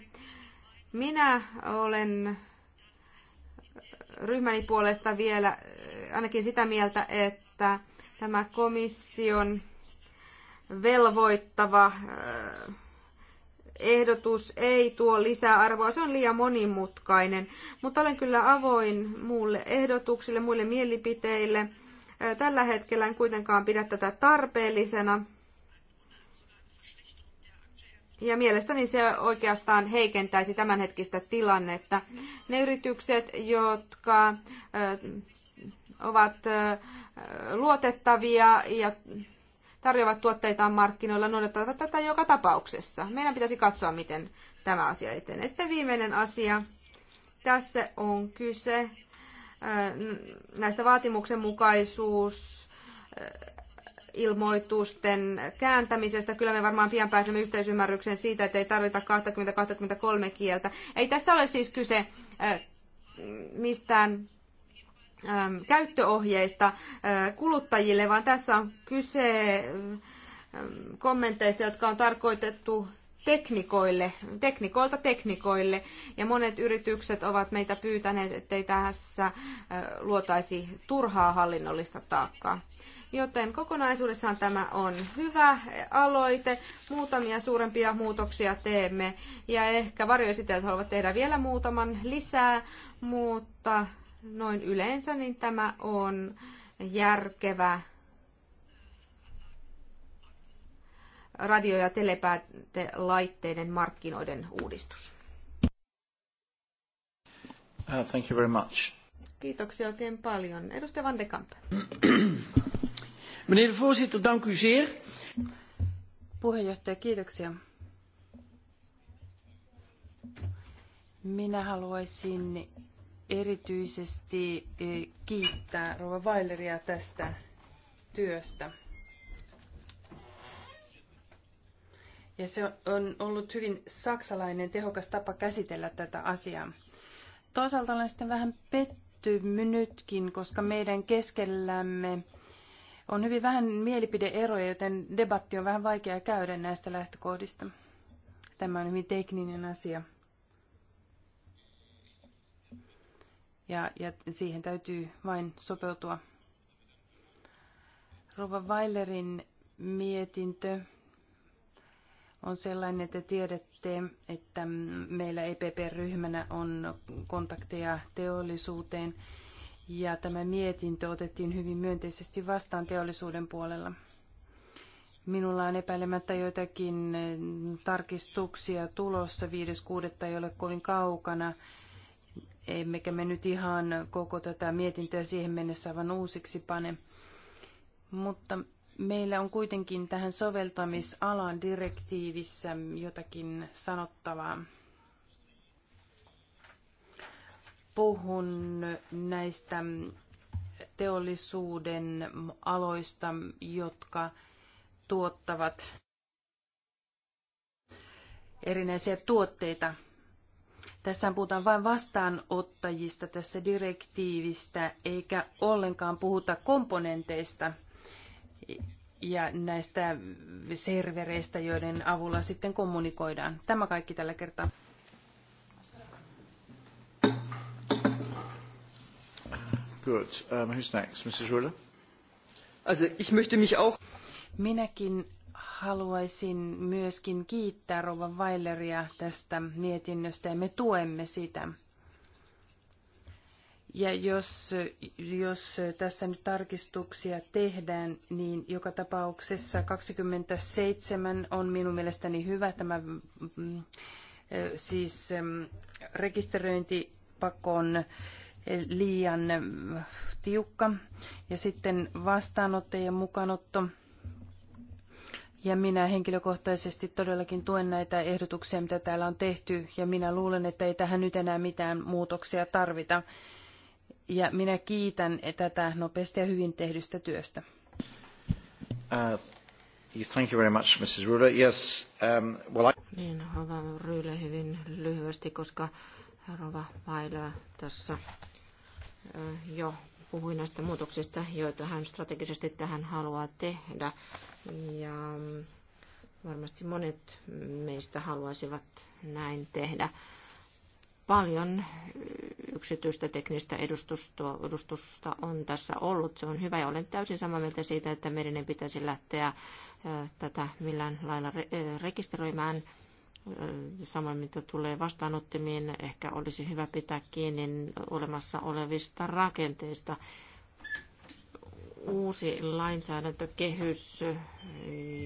minä olen ryhmäni puolesta vielä ainakin sitä mieltä, että tämä komission velvoittava ehdotus ei tuo lisää arvoa, se on liian monimutkainen, mutta olen kyllä avoin muulle ehdotuksille, muille mielipiteille. Tällä hetkellä en kuitenkaan pidä tätä tarpeellisena. Ja mielestäni se oikeastaan heikentäisi tämänhetkistä tilannetta. Ne yritykset, jotka ovat luotettavia ja tarjoavat tuotteitaan markkinoilla, noudattavat tätä joka tapauksessa. Meidän pitäisi katsoa, miten tämä asia etenee. Sitten viimeinen asia. Tässä on kyse näistä vaatimuksenmukaisuus ilmoitusten kääntämisestä. Kyllä me varmaan pian pääsemme yhteisymmärrykseen siitä, että ei tarvita 20-23 kieltä. Ei tässä ole siis kyse äh, mistään ähm, käyttöohjeista äh, kuluttajille, vaan tässä on kyse ähm, kommenteista, jotka on tarkoitettu teknikoille, teknikoilta teknikoille. Ja monet yritykset ovat meitä pyytäneet, ettei tässä äh, luotaisi turhaa hallinnollista taakkaa. Joten kokonaisuudessaan tämä on hyvä aloite. Muutamia suurempia muutoksia teemme ja ehkä varjoesittäjät haluavat tehdä vielä muutaman lisää, mutta noin yleensä niin tämä on järkevä radio- ja telepäätelaitteiden markkinoiden uudistus. Uh, thank you very much. Kiitoksia oikein paljon. Edustaja Van de Kamp. Meneer de voorzitter, dank u zeer. Puheenjohtaja, kiitoksia. Minä haluaisin erityisesti eh, kiittää Rova Weileria tästä työstä. Ja se on ollut hyvin saksalainen tehokas tapa käsitellä tätä asiaa. Toisaalta olen sitten vähän pettynytkin, koska meidän keskellämme on hyvin vähän mielipideeroja, joten debatti on vähän vaikea käydä näistä lähtökohdista. Tämä on hyvin tekninen asia. Ja, ja siihen täytyy vain sopeutua. Rova Weilerin mietintö on sellainen, että tiedätte, että meillä EPP-ryhmänä on kontakteja teollisuuteen ja tämä mietintö otettiin hyvin myönteisesti vastaan teollisuuden puolella. Minulla on epäilemättä joitakin eh, tarkistuksia tulossa 5.6. ei ole kovin kaukana. Emmekä me nyt ihan koko tätä mietintöä siihen mennessä aivan uusiksi pane. Mutta meillä on kuitenkin tähän soveltamisalan direktiivissä jotakin sanottavaa. puhun näistä teollisuuden aloista, jotka tuottavat erinäisiä tuotteita. Tässä puhutaan vain vastaanottajista tässä direktiivistä, eikä ollenkaan puhuta komponenteista ja näistä servereistä, joiden avulla sitten kommunikoidaan. Tämä kaikki tällä kertaa. Good. Um, who's next? Mrs. Also, ich möchte mich auch... Minäkin haluaisin myöskin kiittää Rova Weileria tästä mietinnöstä ja me tuemme sitä. Ja jos, jos tässä nyt tarkistuksia tehdään, niin joka tapauksessa 27 on minun mielestäni hyvä tämä mm, mm, siis mm, rekisteröintipakon liian äh, tiukka. Ja sitten vastaanottajien mukanotto. Ja minä henkilökohtaisesti todellakin tuen näitä ehdotuksia, mitä täällä on tehty, ja minä luulen, että ei tähän nyt enää mitään muutoksia tarvita. Ja minä kiitän tätä nopeasti ja hyvin tehdystä työstä. Uh, thank you very much, Mrs. Yes, um, well, I... Niin, hyvä Ryle hyvin lyhyesti, koska Rova Vailöä tässä jo puhui näistä muutoksista, joita hän strategisesti tähän haluaa tehdä. Ja mm, varmasti monet meistä haluaisivat näin tehdä. Paljon yksityistä teknistä edustusta on tässä ollut. Se on hyvä ja olen täysin samaa mieltä siitä, että meidän ei pitäisi lähteä tätä millään lailla rekisteröimään – Samoin mitä tulee vastaanottimiin, ehkä olisi hyvä pitää kiinni olemassa olevista rakenteista uusi lainsäädäntökehys,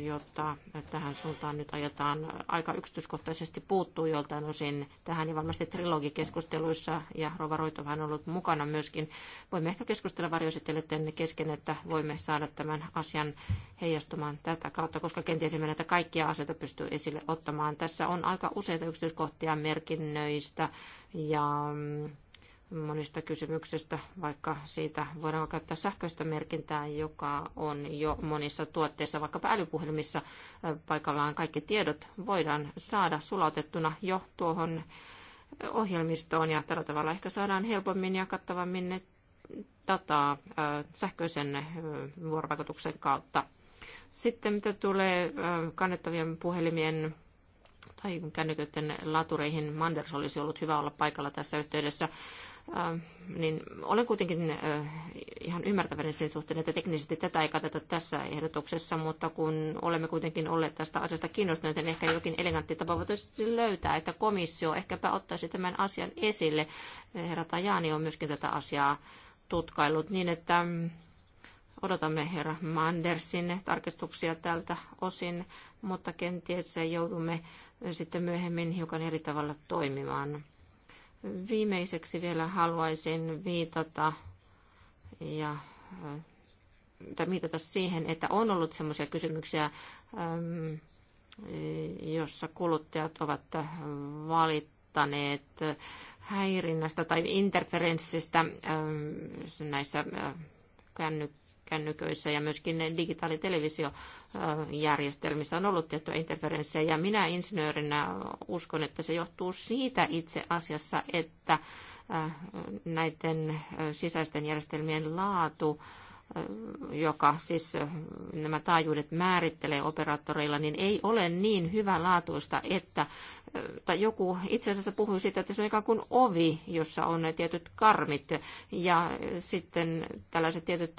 jota tähän suuntaan nyt ajetaan aika yksityiskohtaisesti puuttuu joltain osin tähän ja varmasti trilogikeskusteluissa ja Rova Roitova on ollut mukana myöskin. Voimme ehkä keskustella varjoesittelijöiden kesken, että voimme saada tämän asian heijastumaan tätä kautta, koska kenties emme näitä kaikkia asioita pystyy esille ottamaan. Tässä on aika useita yksityiskohtia merkinnöistä ja mm, monista kysymyksistä, vaikka siitä voidaan käyttää sähköistä merkintää, joka on jo monissa tuotteissa, vaikkapa älypuhelimissa paikallaan kaikki tiedot voidaan saada sulautettuna jo tuohon ohjelmistoon ja tällä tavalla ehkä saadaan helpommin ja kattavammin ne dataa sähköisen vuorovaikutuksen kautta. Sitten mitä tulee kannettavien puhelimien tai kännyköiden latureihin, Manders olisi ollut hyvä olla paikalla tässä yhteydessä niin olen kuitenkin ihan ymmärtäväinen sen suhteen, että teknisesti tätä ei katsota tässä ehdotuksessa, mutta kun olemme kuitenkin olleet tästä asiasta kiinnostuneita, niin ehkä jokin elegantti tapa voitaisiin löytää, että komissio ehkäpä ottaisi tämän asian esille. Herra Tajani on myöskin tätä asiaa tutkailut niin, että mm, odotamme herra Mandersin tarkistuksia tältä osin, mutta kenties joudumme sitten myöhemmin hiukan eri tavalla toimimaan. Viimeiseksi vielä haluaisin viitata ja tai viitata siihen, että on ollut sellaisia kysymyksiä, ähm, jossa kuluttajat ovat valittaneet häirinnästä tai interferenssistä ähm, näissä äh, kännykkä kännyköissä ja myöskin digitaalitelevisiojärjestelmissä on ollut tiettyä interferenssiä. Ja minä insinöörinä uskon, että se johtuu siitä itse asiassa, että äh, näiden äh, sisäisten järjestelmien laatu joka siis nämä taajuudet määrittelee operaattoreilla, niin ei ole niin hyvälaatuista, että tai joku itse asiassa puhui siitä, että se on ikään kuin ovi, jossa on ne tietyt karmit ja sitten tällaiset tietyt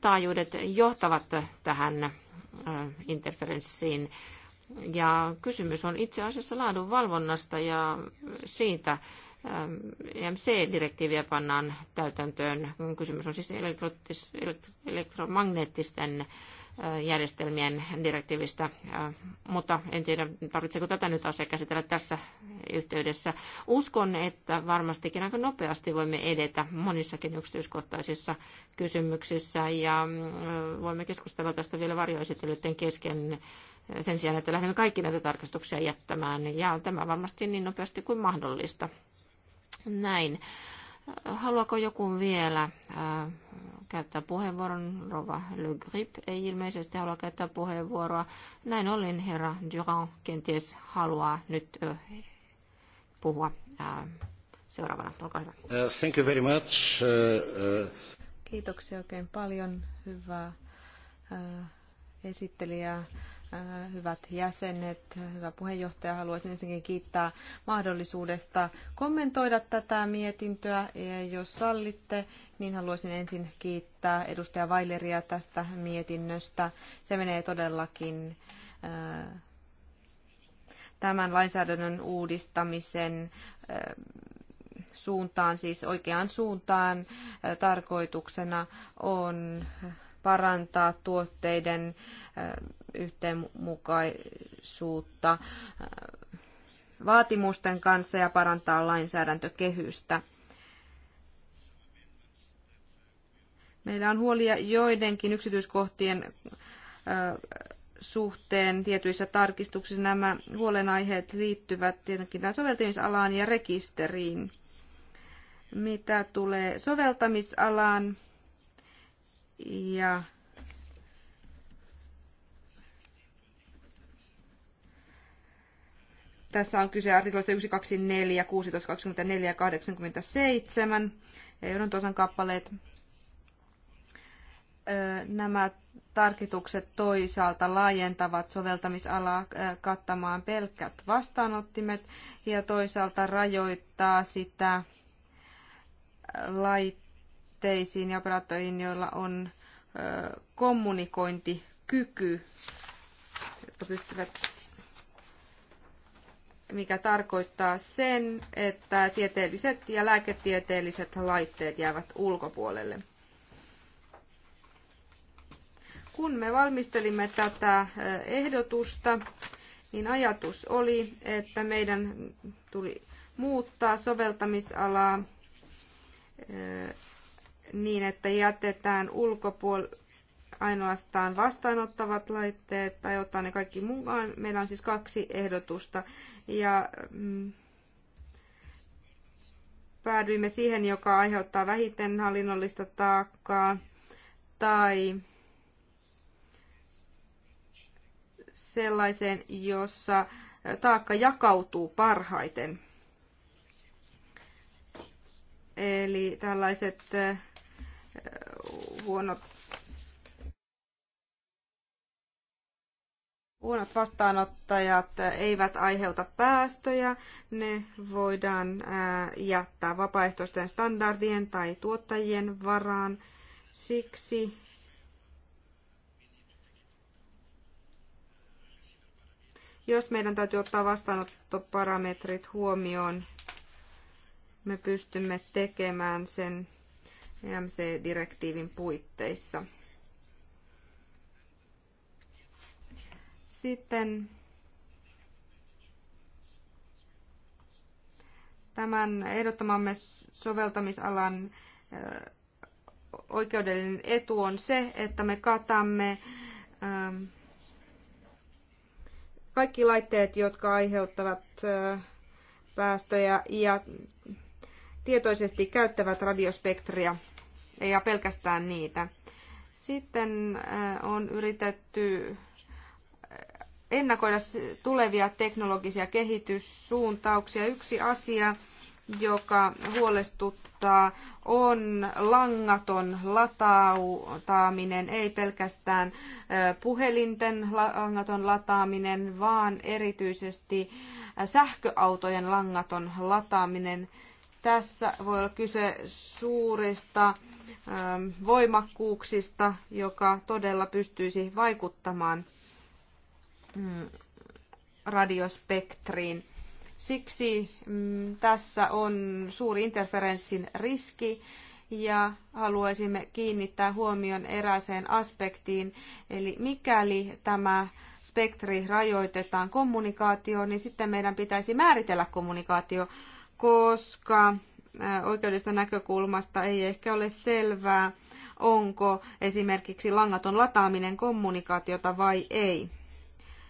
taajuudet johtavat tähän interferenssiin. Ja kysymys on itse asiassa laadunvalvonnasta ja siitä, Ähm, EMC-direktiiviä pannaan täytäntöön. Kysymys on siis elektromagneettisten äh, järjestelmien direktiivistä, äh, mutta en tiedä, tarvitseeko tätä nyt asiaa käsitellä tässä yhteydessä. Uskon, että varmastikin aika nopeasti voimme edetä monissakin yksityiskohtaisissa kysymyksissä ja äh, voimme keskustella tästä vielä varjoesittelyiden kesken sen sijaan, että lähdemme kaikki näitä tarkastuksia jättämään ja tämä varmasti niin nopeasti kuin mahdollista. Näin. Haluaako joku vielä äh, käyttää puheenvuoron? Rova Le Grip ei ilmeisesti halua käyttää puheenvuoroa. Näin ollen herra Durand kenties haluaa nyt äh, puhua äh, seuraavana. Olkaa hyvä. Uh, thank you very much. Uh, uh... Kiitoksia oikein paljon. Hyvää uh, esittelijää. Äh, hyvät jäsenet, hyvä puheenjohtaja, haluaisin ensinnäkin kiittää mahdollisuudesta kommentoida tätä mietintöä. Ja jos sallitte, niin haluaisin ensin kiittää edustaja Vaileria tästä mietinnöstä. Se menee todellakin äh, tämän lainsäädännön uudistamisen äh, suuntaan, siis oikeaan suuntaan. Tarkoituksena on parantaa tuotteiden yhteenmukaisuutta vaatimusten kanssa ja parantaa lainsäädäntökehystä. Meillä on huolia joidenkin yksityiskohtien suhteen tietyissä tarkistuksissa. Nämä huolenaiheet liittyvät tietenkin tämän soveltamisalaan ja rekisteriin. Mitä tulee soveltamisalaan, ja Tässä on kyse artikloista 1, 2, 4, 16, 24 ja 87, tosan kappaleet. Nämä tarkitukset toisaalta laajentavat soveltamisalaa kattamaan pelkkät vastaanottimet ja toisaalta rajoittaa sitä lait laitteisiin ja operaattoihin, joilla on kommunikointikyky, jotka pystyvät mikä tarkoittaa sen, että tieteelliset ja lääketieteelliset laitteet jäävät ulkopuolelle. Kun me valmistelimme tätä ehdotusta, niin ajatus oli, että meidän tuli muuttaa soveltamisalaa niin, että jätetään ulkopuolelle ainoastaan vastaanottavat laitteet tai ottaa ne kaikki mukaan. Meillä on siis kaksi ehdotusta ja mm, päädyimme siihen, joka aiheuttaa vähiten hallinnollista taakkaa tai sellaiseen, jossa taakka jakautuu parhaiten. Eli tällaiset huonot, huonot vastaanottajat eivät aiheuta päästöjä. Ne voidaan jättää vapaaehtoisten standardien tai tuottajien varaan. Siksi jos meidän täytyy ottaa vastaanottoparametrit huomioon, me pystymme tekemään sen EMC-direktiivin puitteissa. Sitten tämän ehdottamamme soveltamisalan oikeudellinen etu on se, että me katamme kaikki laitteet, jotka aiheuttavat päästöjä ja tietoisesti käyttävät radiospektriä ja pelkästään niitä. Sitten äh, on yritetty äh, ennakoida tulevia teknologisia kehityssuuntauksia. Yksi asia, joka huolestuttaa, on langaton lataaminen, ei pelkästään äh, puhelinten langaton lataaminen, vaan erityisesti sähköautojen langaton lataaminen. Tässä voi olla kyse suurista Ähm, voimakkuuksista, joka todella pystyisi vaikuttamaan mm, radiospektriin. Siksi mm, tässä on suuri interferenssin riski ja haluaisimme kiinnittää huomion erääseen aspektiin. Eli mikäli tämä spektri rajoitetaan kommunikaatioon, niin sitten meidän pitäisi määritellä kommunikaatio, koska oikeudellisesta näkökulmasta ei ehkä ole selvää, onko esimerkiksi langaton lataaminen kommunikaatiota vai ei.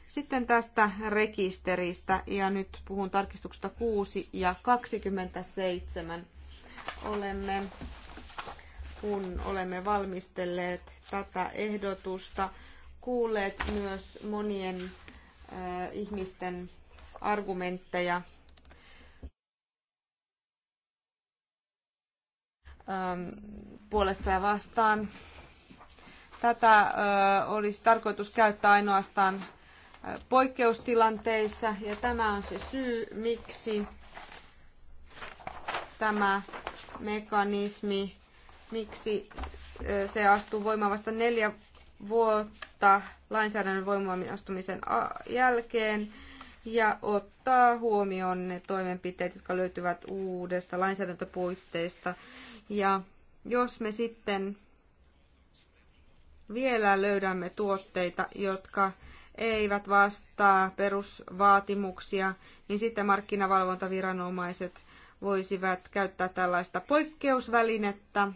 Sitten tästä rekisteristä, ja nyt puhun tarkistuksesta 6 ja 27. Olemme, kun olemme valmistelleet tätä ehdotusta, kuulleet myös monien äh, ihmisten argumentteja Ähm, puolesta ja vastaan. Tätä äh, olisi tarkoitus käyttää ainoastaan äh, poikkeustilanteissa ja tämä on se syy, miksi tämä mekanismi, miksi äh, se astuu voimaan vasta neljä vuotta lainsäädännön voimaan astumisen jälkeen ja ottaa huomioon ne toimenpiteet, jotka löytyvät uudesta lainsäädäntöpuitteista ja jos me sitten vielä löydämme tuotteita, jotka eivät vastaa perusvaatimuksia, niin sitten markkinavalvontaviranomaiset voisivat käyttää tällaista poikkeusvälinettä.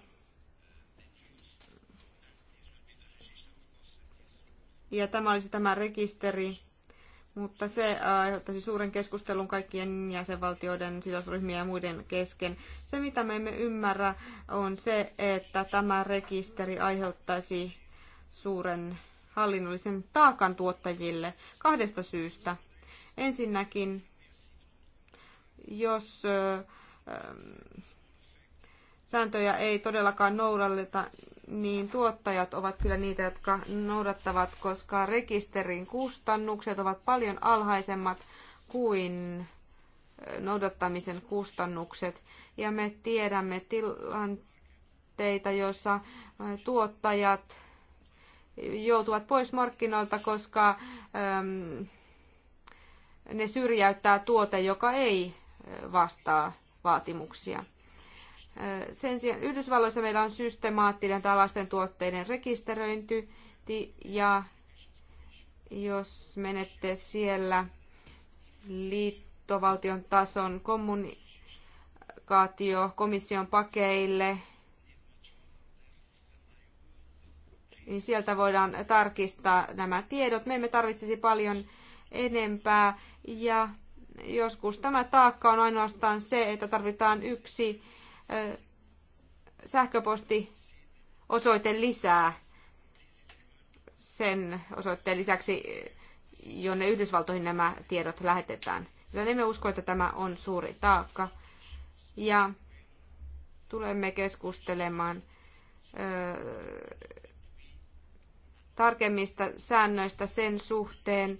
Ja tämä olisi tämä rekisteri, mutta se äh, aiheuttaisi suuren keskustelun kaikkien jäsenvaltioiden, sidosryhmien ja muiden kesken. Se, mitä me emme ymmärrä, on se, että tämä rekisteri aiheuttaisi suuren hallinnollisen taakan tuottajille kahdesta syystä. Ensinnäkin, jos äh, sääntöjä ei todellakaan noudalleta, niin tuottajat ovat kyllä niitä, jotka noudattavat, koska rekisterin kustannukset ovat paljon alhaisemmat kuin noudattamisen kustannukset. Ja me tiedämme tilanteita, joissa tuottajat joutuvat pois markkinoilta, koska äm, ne syrjäyttää tuote, joka ei vastaa vaatimuksia. Sen sijaan Yhdysvalloissa meillä on systemaattinen tällaisten tuotteiden rekisteröinti ja jos menette siellä liittovaltion tason kommunikaatio komission pakeille, niin sieltä voidaan tarkistaa nämä tiedot. Me emme tarvitsisi paljon enempää ja joskus tämä taakka on ainoastaan se, että tarvitaan yksi sähköposti osoite lisää sen osoitteen lisäksi, jonne Yhdysvaltoihin nämä tiedot lähetetään. Ja emme usko, että tämä on suuri taakka. Ja tulemme keskustelemaan ö, tarkemmista säännöistä sen suhteen,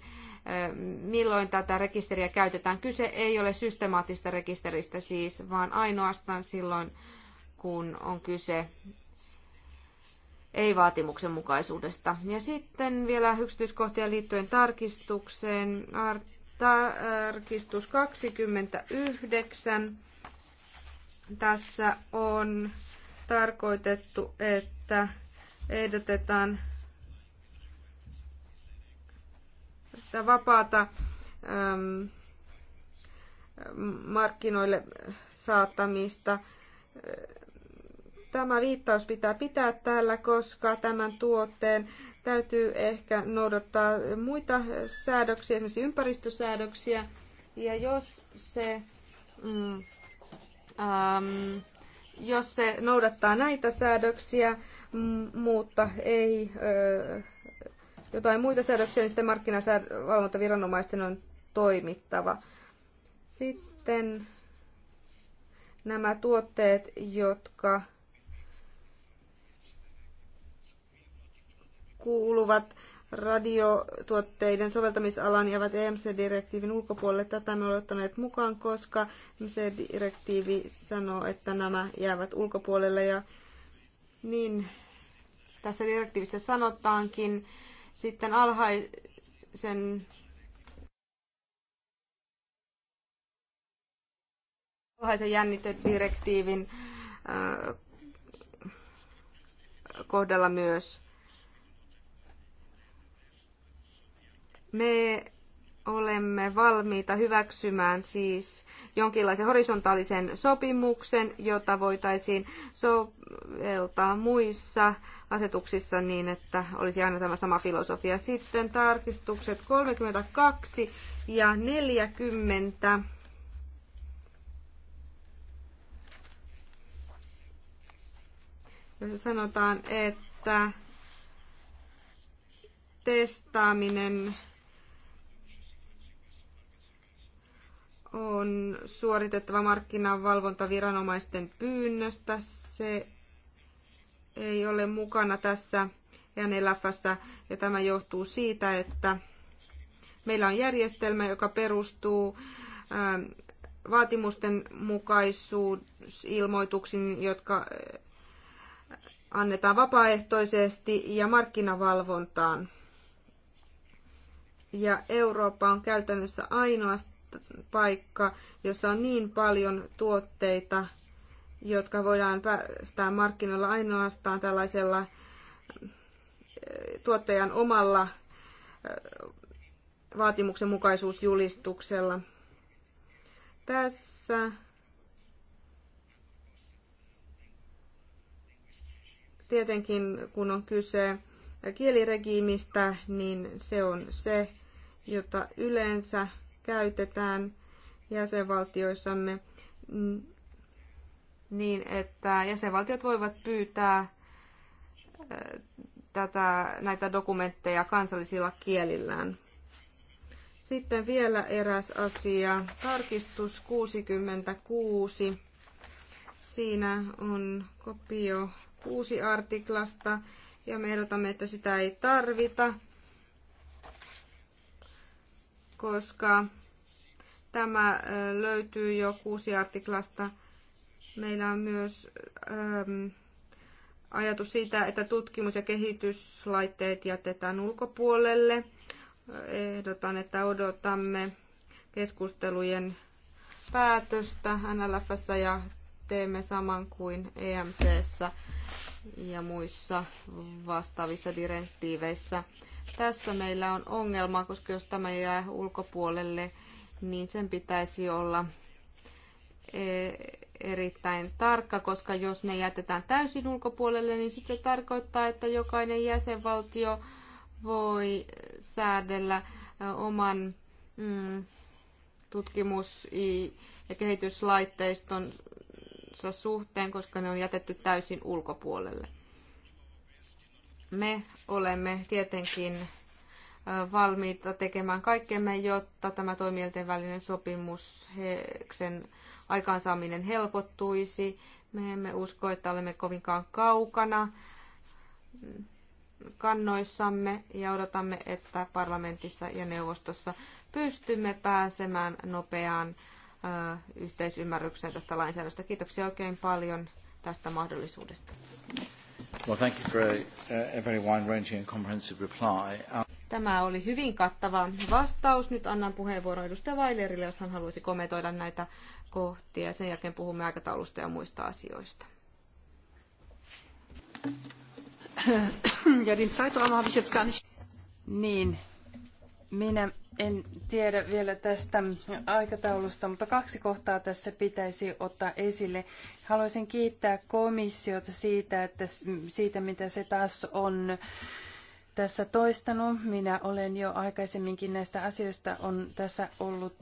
milloin tätä rekisteriä käytetään. Kyse ei ole systemaattista rekisteristä siis, vaan ainoastaan silloin, kun on kyse ei mukaisuudesta. Ja sitten vielä yksityiskohtia liittyen tarkistukseen. Tarkistus 29. Tässä on tarkoitettu, että ehdotetaan sitä vapaata ähm, markkinoille saattamista. Tämä viittaus pitää pitää täällä, koska tämän tuotteen täytyy ehkä noudattaa muita säädöksiä, esimerkiksi ympäristösäädöksiä. Ja jos se, mm, ähm, jos se noudattaa näitä säädöksiä, mutta ei äh, jotain muita säädöksiä, niin sitten markkinavalvontaviranomaisten on toimittava. Sitten nämä tuotteet, jotka kuuluvat radiotuotteiden soveltamisalan ovat EMC-direktiivin ulkopuolelle. Tätä me olemme ottaneet mukaan, koska EMC-direktiivi sanoo, että nämä jäävät ulkopuolelle. Ja niin tässä direktiivissä sanotaankin, sitten alhaisen alhaisen jännitedirektiivin kohdalla myös. Me olemme valmiita hyväksymään siis jonkinlaisen horisontaalisen sopimuksen, jota voitaisiin soveltaa muissa asetuksissa niin, että olisi aina tämä sama filosofia. Sitten tarkistukset 32 ja 40. Jos sanotaan, että testaaminen on suoritettava markkinavalvontaviranomaisten pyynnöstä. Se ei ole mukana tässä NLFssä ja tämä johtuu siitä, että meillä on järjestelmä, joka perustuu ähm, vaatimusten mukaisuusilmoituksiin, jotka äh, annetaan vapaaehtoisesti ja markkinavalvontaan. Ja Eurooppa on käytännössä ainoastaan paikka, jossa on niin paljon tuotteita, jotka voidaan päästää markkinoilla ainoastaan tällaisella eh, tuottajan omalla eh, mukaisuusjulistuksella. Tässä tietenkin kun on kyse kieliregiimistä, niin se on se, jota yleensä käytetään jäsenvaltioissamme niin, että jäsenvaltiot voivat pyytää tätä, näitä dokumentteja kansallisilla kielillään. Sitten vielä eräs asia, tarkistus 66. Siinä on kopio kuusi artiklasta ja me ehdotamme, että sitä ei tarvita koska tämä löytyy jo kuusi artiklasta. Meillä on myös ähm, ajatus siitä, että tutkimus- ja kehityslaitteet jätetään ulkopuolelle. Ehdotan, että odotamme keskustelujen päätöstä NLFssä ja teemme saman kuin EMCssä ja muissa vastaavissa direktiiveissä. Tässä meillä on ongelma, koska jos tämä jää ulkopuolelle, niin sen pitäisi olla e, erittäin tarkka, koska jos ne jätetään täysin ulkopuolelle, niin sitten se tarkoittaa, että jokainen jäsenvaltio voi säädellä e, oman mm, tutkimus- ja kehityslaitteistonsa suhteen, koska ne on jätetty täysin ulkopuolelle. Me olemme tietenkin valmiita tekemään kaikkemme, jotta tämä toimielten välinen sopimus sen aikaansaaminen helpottuisi. Me emme usko, että olemme kovinkaan kaukana kannoissamme ja odotamme, että parlamentissa ja neuvostossa pystymme pääsemään nopeaan yhteisymmärrykseen tästä lainsäädännöstä. Kiitoksia oikein paljon tästä mahdollisuudesta. Well, thank you for a, a very wide-ranging and comprehensive reply. Um, Tämä oli hyvin kattava vastaus. Nyt annan puheenvuoron edustaja Vailerille, jos hän haluaisi kommentoida näitä kohtia. Sen jälkeen puhumme aikataulusta ja muista asioista. Ja, den Zeitraum habe ich jetzt gar nicht. Niin, minä en tiedä vielä tästä aikataulusta, mutta kaksi kohtaa tässä pitäisi ottaa esille. Haluaisin kiittää komissiota siitä, että siitä mitä se taas on tässä toistanut. Minä olen jo aikaisemminkin näistä asioista on tässä ollut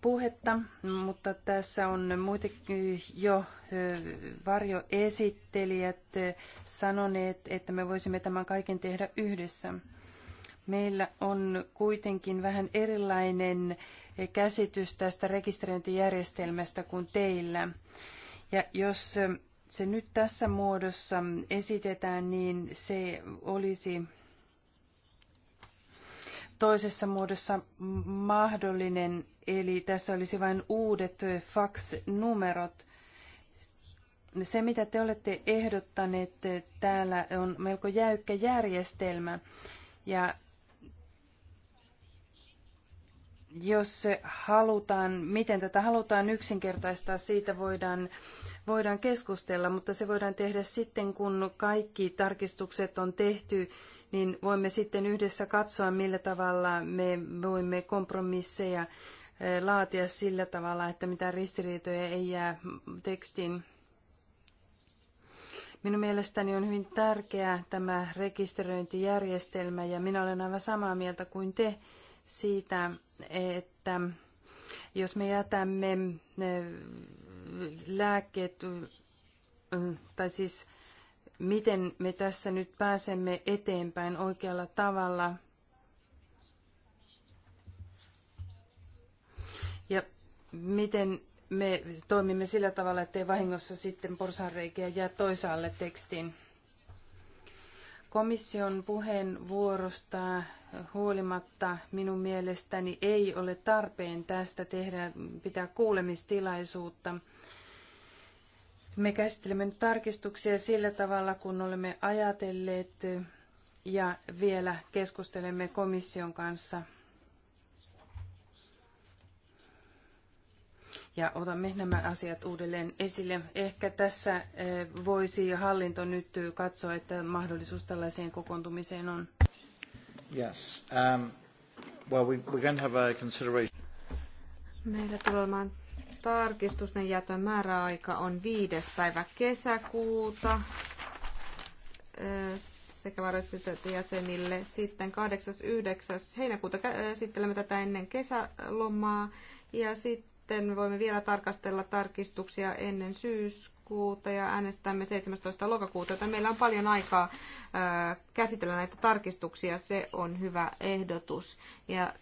puhetta, mutta tässä on muitakin jo varjoesittelijät sanoneet, että me voisimme tämän kaiken tehdä yhdessä. Meillä on kuitenkin vähän erilainen käsitys tästä rekisteröintijärjestelmästä kuin teillä. Ja jos se nyt tässä muodossa esitetään, niin se olisi toisessa muodossa mahdollinen, eli tässä olisi vain uudet fax-numerot. Se, mitä te olette ehdottaneet täällä, on melko jäykkä järjestelmä, ja jos halutaan, miten tätä halutaan yksinkertaistaa, siitä voidaan, voidaan keskustella, mutta se voidaan tehdä sitten, kun kaikki tarkistukset on tehty, niin voimme sitten yhdessä katsoa, millä tavalla me voimme kompromisseja eh, laatia sillä tavalla, että mitään ristiriitoja ei jää tekstiin. Minun mielestäni on hyvin tärkeä tämä rekisteröintijärjestelmä ja minä olen aivan samaa mieltä kuin te siitä, että jos me jätämme lääkkeet, tai siis miten me tässä nyt pääsemme eteenpäin oikealla tavalla. Ja miten me toimimme sillä tavalla, ettei vahingossa sitten porsanreikiä jää toisaalle tekstiin. Komission puheenvuorosta huolimatta minun mielestäni ei ole tarpeen tästä tehdä, pitää kuulemistilaisuutta. Me käsittelemme nyt tarkistuksia sillä tavalla, kun olemme ajatelleet ja vielä keskustelemme komission kanssa ja otamme nämä asiat uudelleen esille. Ehkä tässä eh, voisi hallinto nyt katsoa, että mahdollisuus tällaiseen kokoontumiseen on. Yes. Um, well, we, we're going to have a consideration. Meillä tulee olemaan tarkistusten jätön määräaika on 5. päivä kesäkuuta eh, sekä varoitettu jäsenille. Sitten 8.9. heinäkuuta eh, käsittelemme tätä ennen kesälomaa ja sitten sitten voimme vielä tarkastella tarkistuksia ennen syyskuuta ja äänestämme 17. lokakuuta, joten meillä on paljon aikaa käsitellä näitä tarkistuksia. Se on hyvä ehdotus. Ja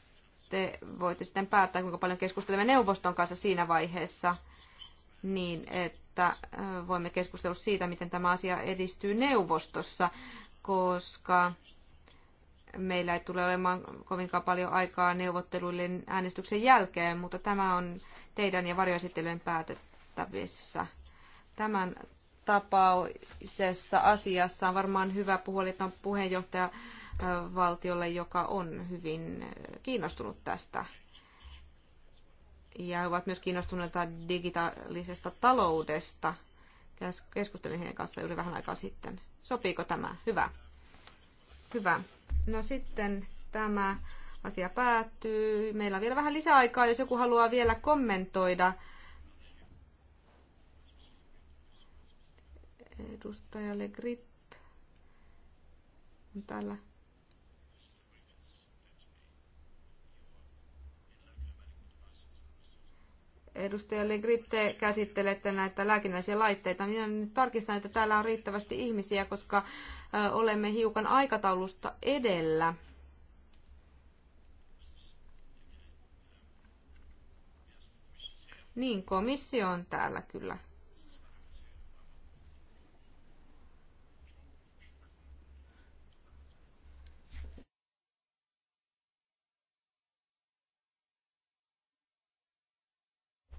te voitte sitten päättää, kuinka paljon keskustelemme neuvoston kanssa siinä vaiheessa, niin että voimme keskustella siitä, miten tämä asia edistyy neuvostossa, koska meillä ei tule olemaan kovinkaan paljon aikaa neuvotteluille äänestyksen jälkeen, mutta tämä on teidän ja varjoesittelyjen päätettävissä. Tämän tapauksessa asiassa on varmaan hyvä puhua on puheenjohtaja valtiolle, joka on hyvin kiinnostunut tästä. Ja he ovat myös kiinnostuneita digitaalisesta taloudesta. Keskustelin heidän kanssa yli vähän aikaa sitten. Sopiiko tämä? Hyvä. Hyvä. No sitten tämä asia päättyy. Meillä on vielä vähän lisäaikaa, jos joku haluaa vielä kommentoida. Edustajalle Grip on täällä Edustaja Le te käsittelette näitä lääkinnällisiä laitteita. Minä nyt tarkistan, että täällä on riittävästi ihmisiä, koska olemme hiukan aikataulusta edellä. Niin, komissio on täällä kyllä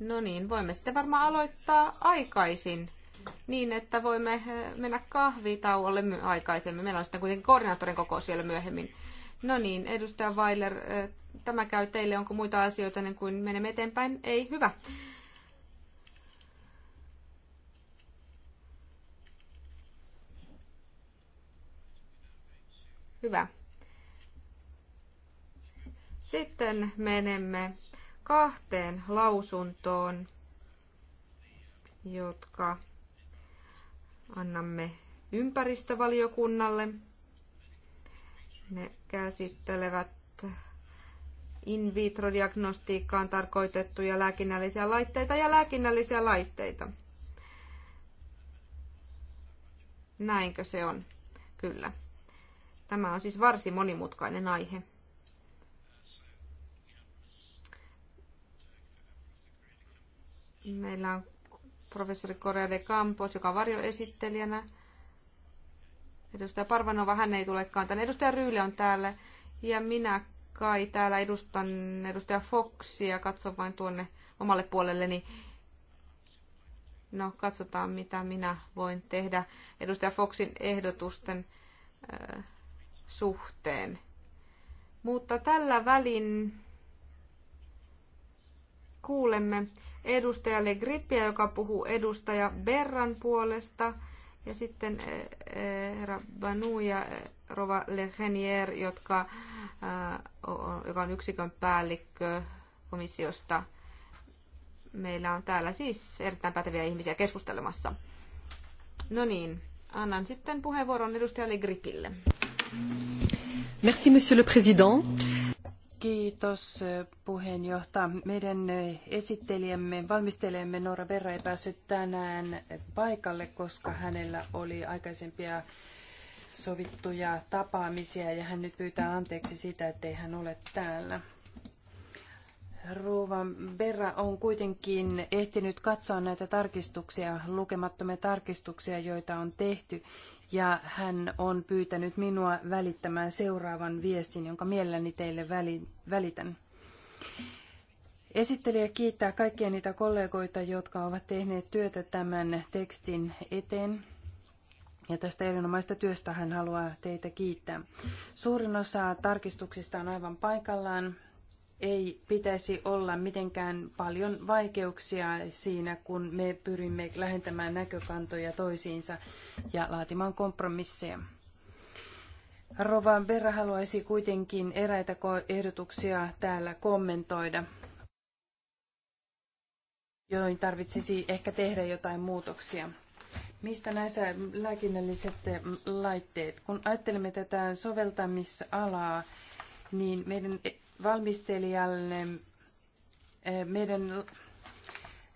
No niin, voimme sitten varmaan aloittaa aikaisin niin, että voimme eh, mennä kahvitauolle aikaisemmin. Meillä on sitten kuitenkin koordinaattorin koko siellä myöhemmin. No niin, edustaja Weiler, eh, tämä käy teille. Onko muita asioita ennen kuin menemme eteenpäin? Ei, hyvä. Hyvä. Sitten menemme kahteen lausuntoon, jotka annamme ympäristövaliokunnalle. Ne käsittelevät in vitro-diagnostiikkaan tarkoitettuja lääkinnällisiä laitteita ja lääkinnällisiä laitteita. Näinkö se on? Kyllä. Tämä on siis varsin monimutkainen aihe. Meillä on professori Korea de Campos, joka on varjoesittelijänä. Edustaja Parvanova, hän ei tulekaan tänne. Edustaja Ryyli on täällä ja minä kai täällä edustan edustaja Foxia. Katson vain tuonne omalle puolelleni. No, katsotaan mitä minä voin tehdä edustaja Foxin ehdotusten äh, suhteen. Mutta tällä välin kuulemme edustaja Le Grippiä, joka puhuu edustaja Berran puolesta, ja sitten eh, eh, herra Banu ja eh, Rova Le Genier, jotka, joka on yksikön päällikkö komissiosta. Meillä on täällä siis erittäin päteviä ihmisiä keskustelemassa. No niin, annan sitten puheenvuoron edustajalle Gripille. Merci, monsieur le président. Kiitos puheenjohtaja. Meidän esittelijämme, valmistelemme Noora Verra ei päässyt tänään paikalle, koska hänellä oli aikaisempia sovittuja tapaamisia ja hän nyt pyytää anteeksi sitä, ettei hän ole täällä. Ruuva Berra on kuitenkin ehtinyt katsoa näitä tarkistuksia, lukemattomia tarkistuksia, joita on tehty ja hän on pyytänyt minua välittämään seuraavan viestin, jonka mielelläni teille välitän. Esittelijä kiittää kaikkia niitä kollegoita, jotka ovat tehneet työtä tämän tekstin eteen. Ja tästä erinomaista työstä hän haluaa teitä kiittää. Suurin osa tarkistuksista on aivan paikallaan ei pitäisi olla mitenkään paljon vaikeuksia siinä, kun me pyrimme lähentämään näkökantoja toisiinsa ja laatimaan kompromisseja. Rova Berra haluaisi kuitenkin eräitä ehdotuksia täällä kommentoida, joihin tarvitsisi ehkä tehdä jotain muutoksia. Mistä näissä lääkinnälliset laitteet? Kun ajattelemme tätä soveltamisalaa, niin meidän valmistelijalle. Eh, meidän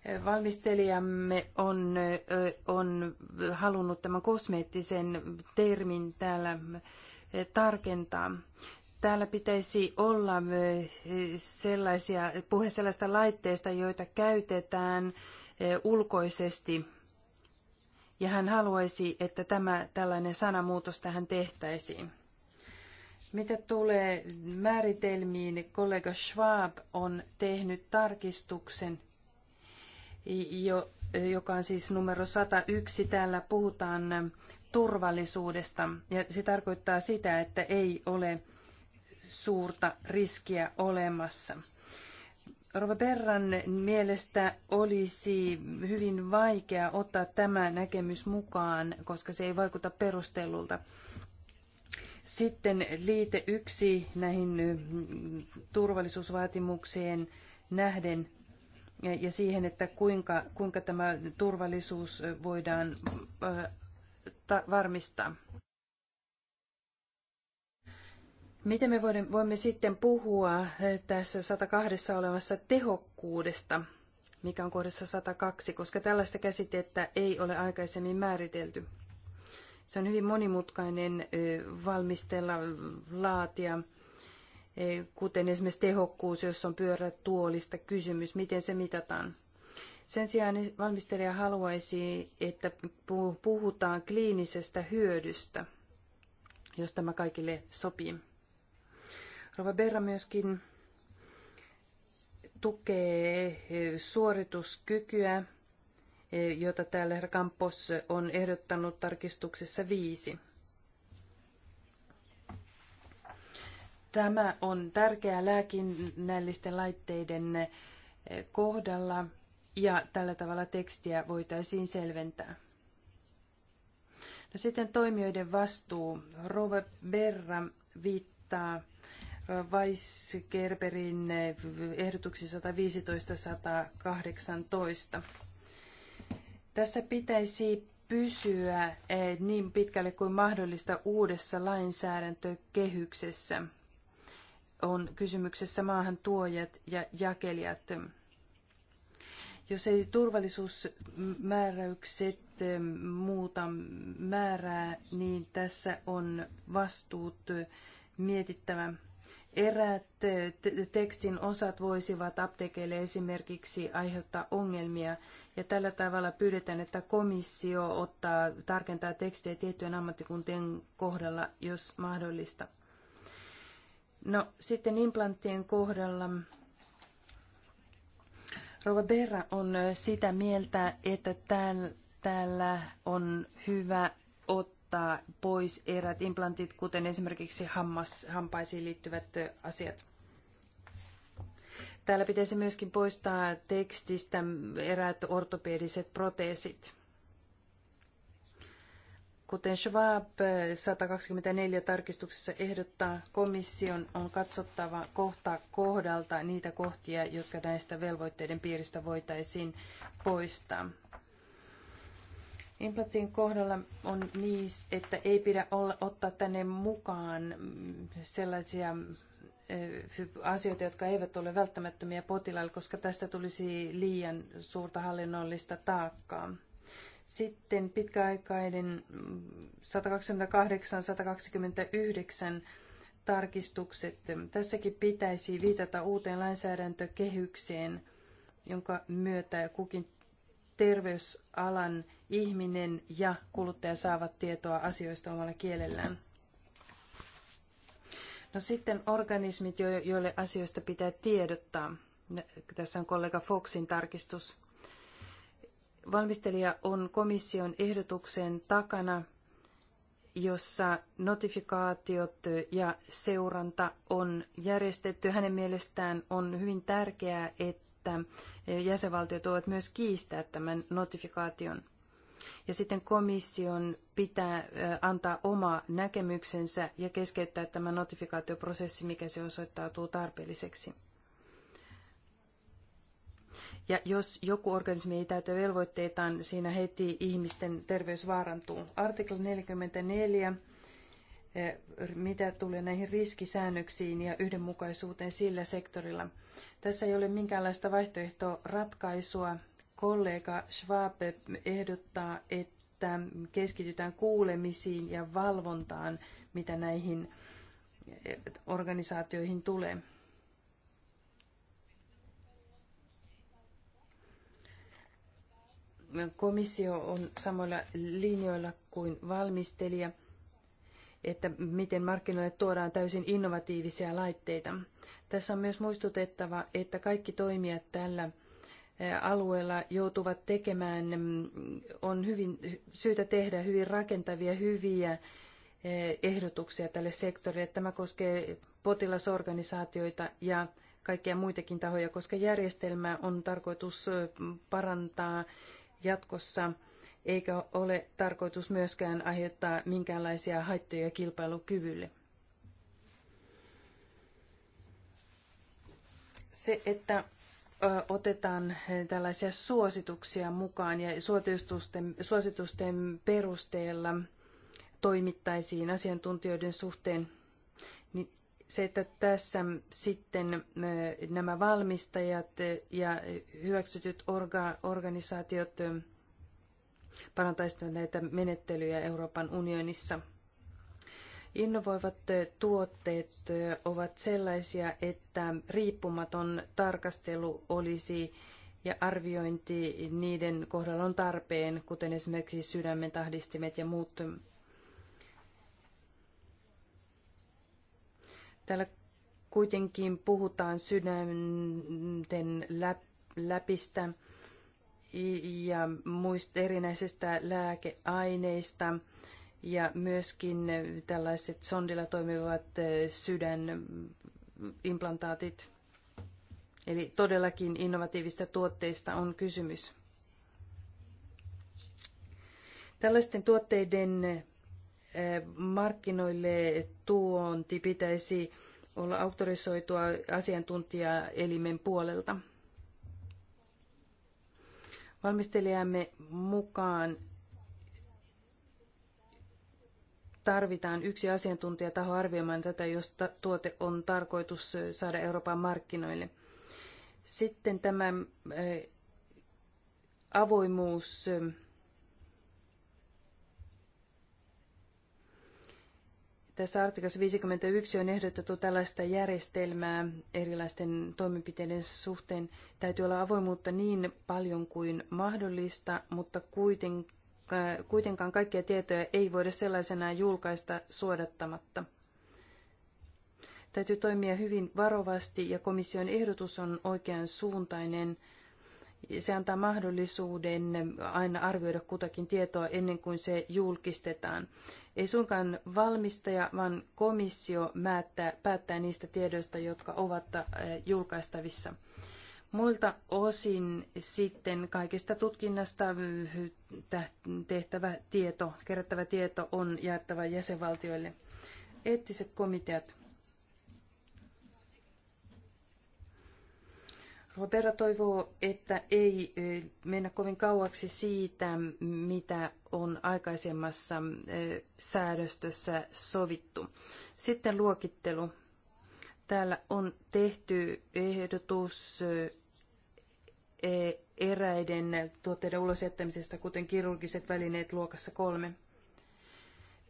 eh, valmistelijamme on, eh, on halunnut tämän kosmeettisen termin täällä tarkentaa. Täällä pitäisi olla sellaisia, puhe sellaista laitteista, joita käytetään ulkoisesti. Ja hän haluaisi, että tämä tällainen sanamuutos tähän tehtäisiin. Mitä tulee määritelmiin, kollega Schwab on tehnyt tarkistuksen, joka on siis numero 101. Täällä puhutaan turvallisuudesta ja se tarkoittaa sitä, että ei ole suurta riskiä olemassa. Rova Berran mielestä olisi hyvin vaikea ottaa tämä näkemys mukaan, koska se ei vaikuta perustellulta. Sitten liite yksi näihin turvallisuusvaatimukseen nähden ja siihen, että kuinka, kuinka tämä turvallisuus voidaan varmistaa. Miten me voimme sitten puhua tässä 102 olevassa tehokkuudesta, mikä on kohdassa 102, koska tällaista käsitettä ei ole aikaisemmin määritelty. Se on hyvin monimutkainen valmistella, laatia, kuten esimerkiksi tehokkuus, jos on pyörätuolista kysymys, miten se mitataan. Sen sijaan valmistelija haluaisi, että puhutaan kliinisestä hyödystä, jos tämä kaikille sopii. Rova Berra myöskin tukee suorituskykyä jota täällä herra Campos on ehdottanut tarkistuksessa viisi. Tämä on tärkeää lääkinnällisten laitteiden eh, kohdalla ja tällä tavalla tekstiä voitaisiin selventää. No sitten toimijoiden vastuu. Rove Berra viittaa eh, Weisgerberin eh, ehdotuksiin 115-118. Tässä pitäisi pysyä eh, niin pitkälle kuin mahdollista uudessa lainsäädäntökehyksessä. On kysymyksessä maahan tuojat ja jakelijat. Jos ei turvallisuusmääräykset eh, muuta määrää, niin tässä on vastuut eh, mietittävä. Eräät tekstin osat voisivat apteekeille esimerkiksi aiheuttaa ongelmia – ja tällä tavalla pyydetään, että komissio ottaa, tarkentaa tekstejä tiettyjen ammattikuntien kohdalla, jos mahdollista. No sitten implanttien kohdalla Rova Berra on sitä mieltä, että täällä on hyvä ottaa pois erät implantit, kuten esimerkiksi hammas, hampaisiin liittyvät asiat. Täällä pitäisi myöskin poistaa tekstistä eräät ortopediset proteesit. Kuten Schwab 124 tarkistuksessa ehdottaa, komission on katsottava kohta kohdalta niitä kohtia, jotka näistä velvoitteiden piiristä voitaisiin poistaa. Implantin kohdalla on niin, että ei pidä olla, ottaa tänne mukaan mm, sellaisia mm, asioita, jotka eivät ole välttämättömiä potilaille, koska tästä tulisi liian suurta hallinnollista taakkaa. Sitten pitkäaikainen 128-129 mm, tarkistukset. Tässäkin pitäisi viitata uuteen lainsäädäntökehykseen, jonka myötä kukin terveysalan ihminen ja kuluttaja saavat tietoa asioista omalla kielellään. No sitten organismit, joille asioista pitää tiedottaa. Tässä on kollega Foxin tarkistus. Valmistelija on komission ehdotuksen takana, jossa notifikaatiot ja seuranta on järjestetty. Hänen mielestään on hyvin tärkeää, että jäsenvaltiot voivat myös kiistää tämän notifikaation ja sitten komission pitää antaa oma näkemyksensä ja keskeyttää tämä notifikaatioprosessi, mikä se osoittautuu tarpeelliseksi. Ja jos joku organismi ei täytä velvoitteitaan, siinä heti ihmisten terveys vaarantuu. Artikla 44, mitä tulee näihin riskisäännöksiin ja yhdenmukaisuuteen sillä sektorilla. Tässä ei ole minkäänlaista vaihtoehtoratkaisua kollega Schwab ehdottaa, että keskitytään kuulemisiin ja valvontaan, mitä näihin eh, organisaatioihin tulee. Komissio on samoilla linjoilla kuin valmistelija, että miten markkinoille tuodaan täysin innovatiivisia laitteita. Tässä on myös muistutettava, että kaikki toimijat tällä alueella joutuvat tekemään, mm, on hyvin, syytä tehdä hyvin rakentavia, hyviä ehdotuksia tälle sektorille. Tämä koskee potilasorganisaatioita ja kaikkia muitakin tahoja, koska järjestelmää on tarkoitus parantaa jatkossa, eikä ole tarkoitus myöskään aiheuttaa minkäänlaisia haittoja kilpailukyvylle. Se, että otetaan tällaisia suosituksia mukaan ja suositusten, suositusten perusteella toimittaisiin asiantuntijoiden suhteen, niin se, että tässä sitten nämä valmistajat ja hyväksytyt orga, organisaatiot parantaisivat näitä menettelyjä Euroopan unionissa – Innovoivat tuotteet ovat sellaisia, että riippumaton tarkastelu olisi ja arviointi niiden kohdalla on tarpeen, kuten esimerkiksi sydämen tahdistimet ja muut. Täällä kuitenkin puhutaan sydänten läpistä ja muista erinäisistä lääkeaineista ja myöskin tällaiset sondilla toimivat eh, sydänimplantaatit. Eli todellakin innovatiivista tuotteista on kysymys. Tällaisten tuotteiden eh, markkinoille tuonti pitäisi olla auktorisoitua asiantuntijaelimen puolelta. Valmistelijamme mukaan tarvitaan yksi asiantuntijataho arvioimaan tätä, jos tuote on tarkoitus saada Euroopan markkinoille. Sitten tämä avoimuus Tässä artikassa 51 on ehdotettu tällaista järjestelmää erilaisten toimenpiteiden suhteen. Täytyy olla avoimuutta niin paljon kuin mahdollista, mutta kuitenkin Äh, kuitenkaan kaikkia tietoja ei voida sellaisenaan julkaista suodattamatta. Täytyy toimia hyvin varovasti ja komission ehdotus on oikean suuntainen. Se antaa mahdollisuuden aina arvioida kutakin tietoa ennen kuin se julkistetaan. Ei suinkaan valmistaja, vaan komissio määttää, päättää niistä tiedoista, jotka ovat äh, julkaistavissa. Muilta osin sitten kaikesta tutkinnasta tehtävä tieto, kerättävä tieto on jaettava jäsenvaltioille. Eettiset komiteat. Roberta toivoo, että ei eh, mennä kovin kauaksi siitä, mitä on aikaisemmassa eh, säädöstössä sovittu. Sitten luokittelu. Täällä on tehty ehdotus e, eräiden tuotteiden ulosjättämisestä, kuten kirurgiset välineet luokassa kolme.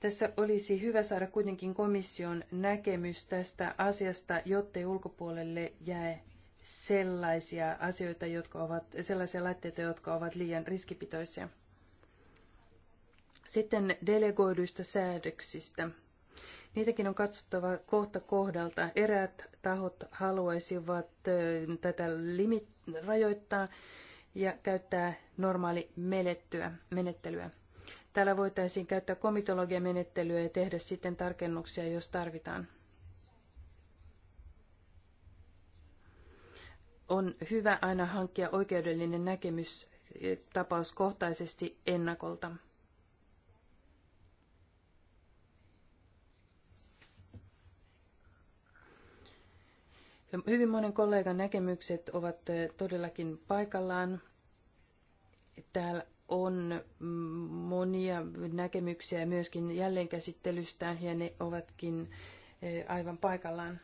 Tässä olisi hyvä saada kuitenkin komission näkemys tästä asiasta, jottei ulkopuolelle jää sellaisia asioita, jotka ovat, sellaisia laitteita, jotka ovat liian riskipitoisia. Sitten delegoiduista säädöksistä. Niitäkin on katsottava kohta kohdalta. Eräät tahot haluaisivat tätä limit, rajoittaa ja käyttää normaali menettelyä. Täällä voitaisiin käyttää komitologiamenettelyä ja tehdä sitten tarkennuksia, jos tarvitaan. On hyvä aina hankkia oikeudellinen näkemys tapauskohtaisesti ennakolta. Ja hyvin monen kollegan näkemykset ovat eh, todellakin paikallaan. Täällä on mm, monia näkemyksiä myöskin jälleenkäsittelystä ja ne ovatkin eh, aivan paikallaan.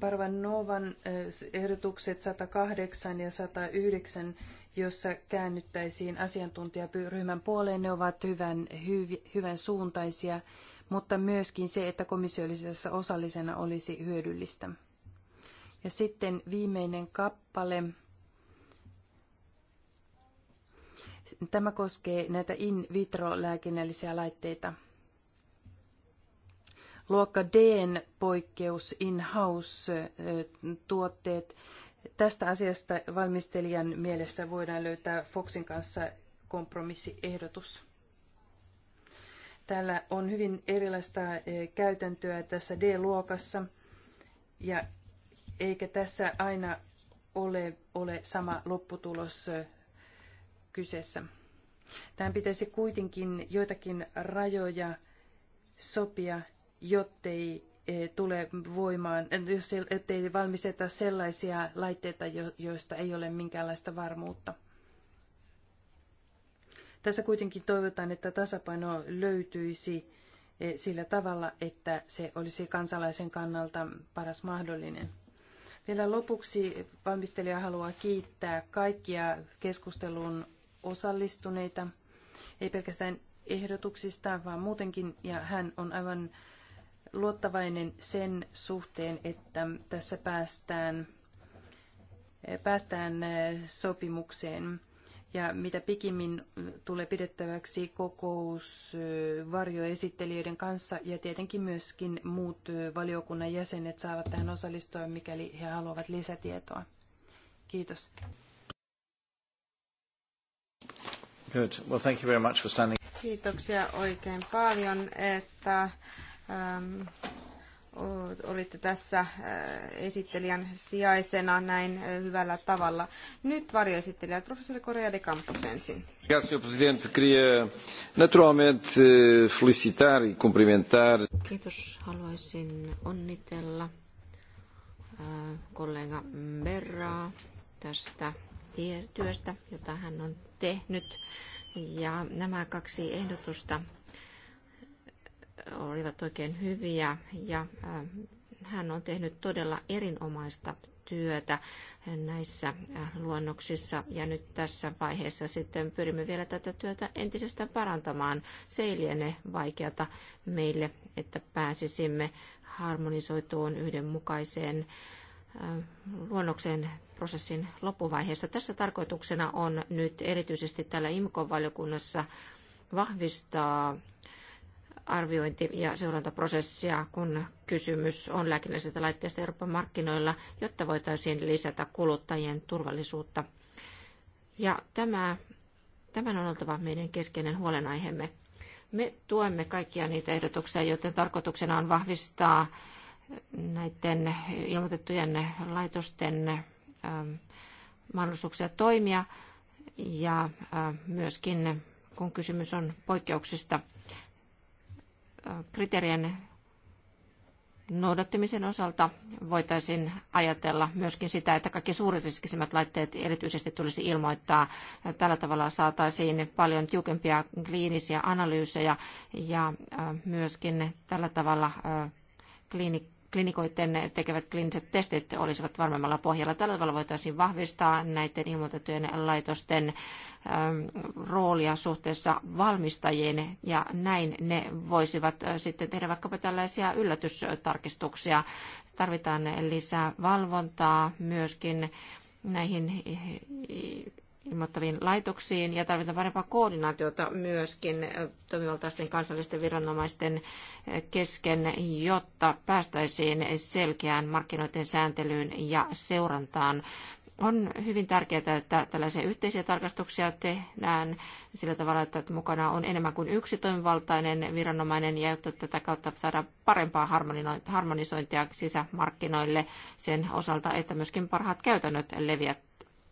Parvan Novan eh, ehdotukset 108 ja 109, jossa käännyttäisiin asiantuntijaryhmän puoleen, ne ovat hyvän, hyv, hyvän suuntaisia mutta myöskin se, että komissio olisi tässä osallisena olisi hyödyllistä. Ja sitten viimeinen kappale. Tämä koskee näitä in vitro lääkinnällisiä laitteita. Luokka Dn poikkeus in-house tuotteet. Tästä asiasta valmistelijan mielessä voidaan löytää Foxin kanssa kompromissiehdotus. Täällä on hyvin erilaista eh, käytäntöä tässä D-luokassa, ja eikä tässä aina ole, ole sama lopputulos eh, kyseessä. Tähän pitäisi kuitenkin joitakin rajoja sopia, jottei eh, tule voimaan, jos ei valmisteta sellaisia laitteita, joista ei ole minkäänlaista varmuutta. Tässä kuitenkin toivotaan, että tasapaino löytyisi eh, sillä tavalla, että se olisi kansalaisen kannalta paras mahdollinen. Vielä lopuksi valmistelija haluaa kiittää kaikkia keskusteluun osallistuneita, ei pelkästään ehdotuksista, vaan muutenkin, ja hän on aivan luottavainen sen suhteen, että tässä päästään, eh, päästään eh, sopimukseen ja mitä pikimmin tulee pidettäväksi kokous varjoesittelijöiden kanssa ja tietenkin myöskin muut valiokunnan jäsenet saavat tähän osallistua, mikäli he haluavat lisätietoa. Kiitos. Good. Well, thank you very much for standing. Kiitoksia oikein paljon, että ähm, olitte tässä esittelijän sijaisena näin hyvällä tavalla. Nyt varjoesittelijä professori Korea de Campos ensin. naturalmente felicitar e Kiitos, haluaisin onnitella kollega Berraa tästä työstä, jota hän on tehnyt. Ja nämä kaksi ehdotusta olivat oikein hyviä ja äh, hän on tehnyt todella erinomaista työtä näissä äh, luonnoksissa ja nyt tässä vaiheessa sitten pyrimme vielä tätä työtä entisestään parantamaan. Se ei liene vaikeata meille, että pääsisimme harmonisoituun yhdenmukaiseen äh, luonnoksen prosessin loppuvaiheessa. Tässä tarkoituksena on nyt erityisesti täällä IMKO-valiokunnassa vahvistaa arviointi- ja seurantaprosessia, kun kysymys on lääkinnällisistä laitteista Euroopan markkinoilla, jotta voitaisiin lisätä kuluttajien turvallisuutta. Ja tämä, tämän on oltava meidän keskeinen huolenaiheemme. Me tuemme kaikkia niitä ehdotuksia, joiden tarkoituksena on vahvistaa näiden ilmoitettujen laitosten ähm, mahdollisuuksia toimia ja äh, myöskin kun kysymys on poikkeuksista kriteerien noudattamisen osalta voitaisiin ajatella myöskin sitä, että kaikki suuririskisimmät laitteet erityisesti tulisi ilmoittaa. Tällä tavalla saataisiin paljon tiukempia kliinisiä analyysejä ja myöskin tällä tavalla kliinikkoja klinikoiden tekevät kliiniset testit olisivat varmemmalla pohjalla. Tällä tavalla voitaisiin vahvistaa näiden ilmoitettujen laitosten ähm, roolia suhteessa valmistajien ja näin ne voisivat äh, sitten tehdä vaikkapa tällaisia yllätystarkistuksia. Tarvitaan lisää valvontaa myöskin näihin ilmoittaviin laitoksiin ja tarvitaan parempaa koordinaatiota myöskin eh, toimivaltaisten kansallisten viranomaisten eh, kesken, jotta päästäisiin selkeään markkinoiden sääntelyyn ja seurantaan. On hyvin tärkeää, että tällaisia yhteisiä tarkastuksia tehdään sillä tavalla, että mukana on enemmän kuin yksi toimivaltainen viranomainen ja jotta tätä kautta saadaan parempaa harmonisointia sisämarkkinoille sen osalta, että myöskin parhaat käytännöt leviät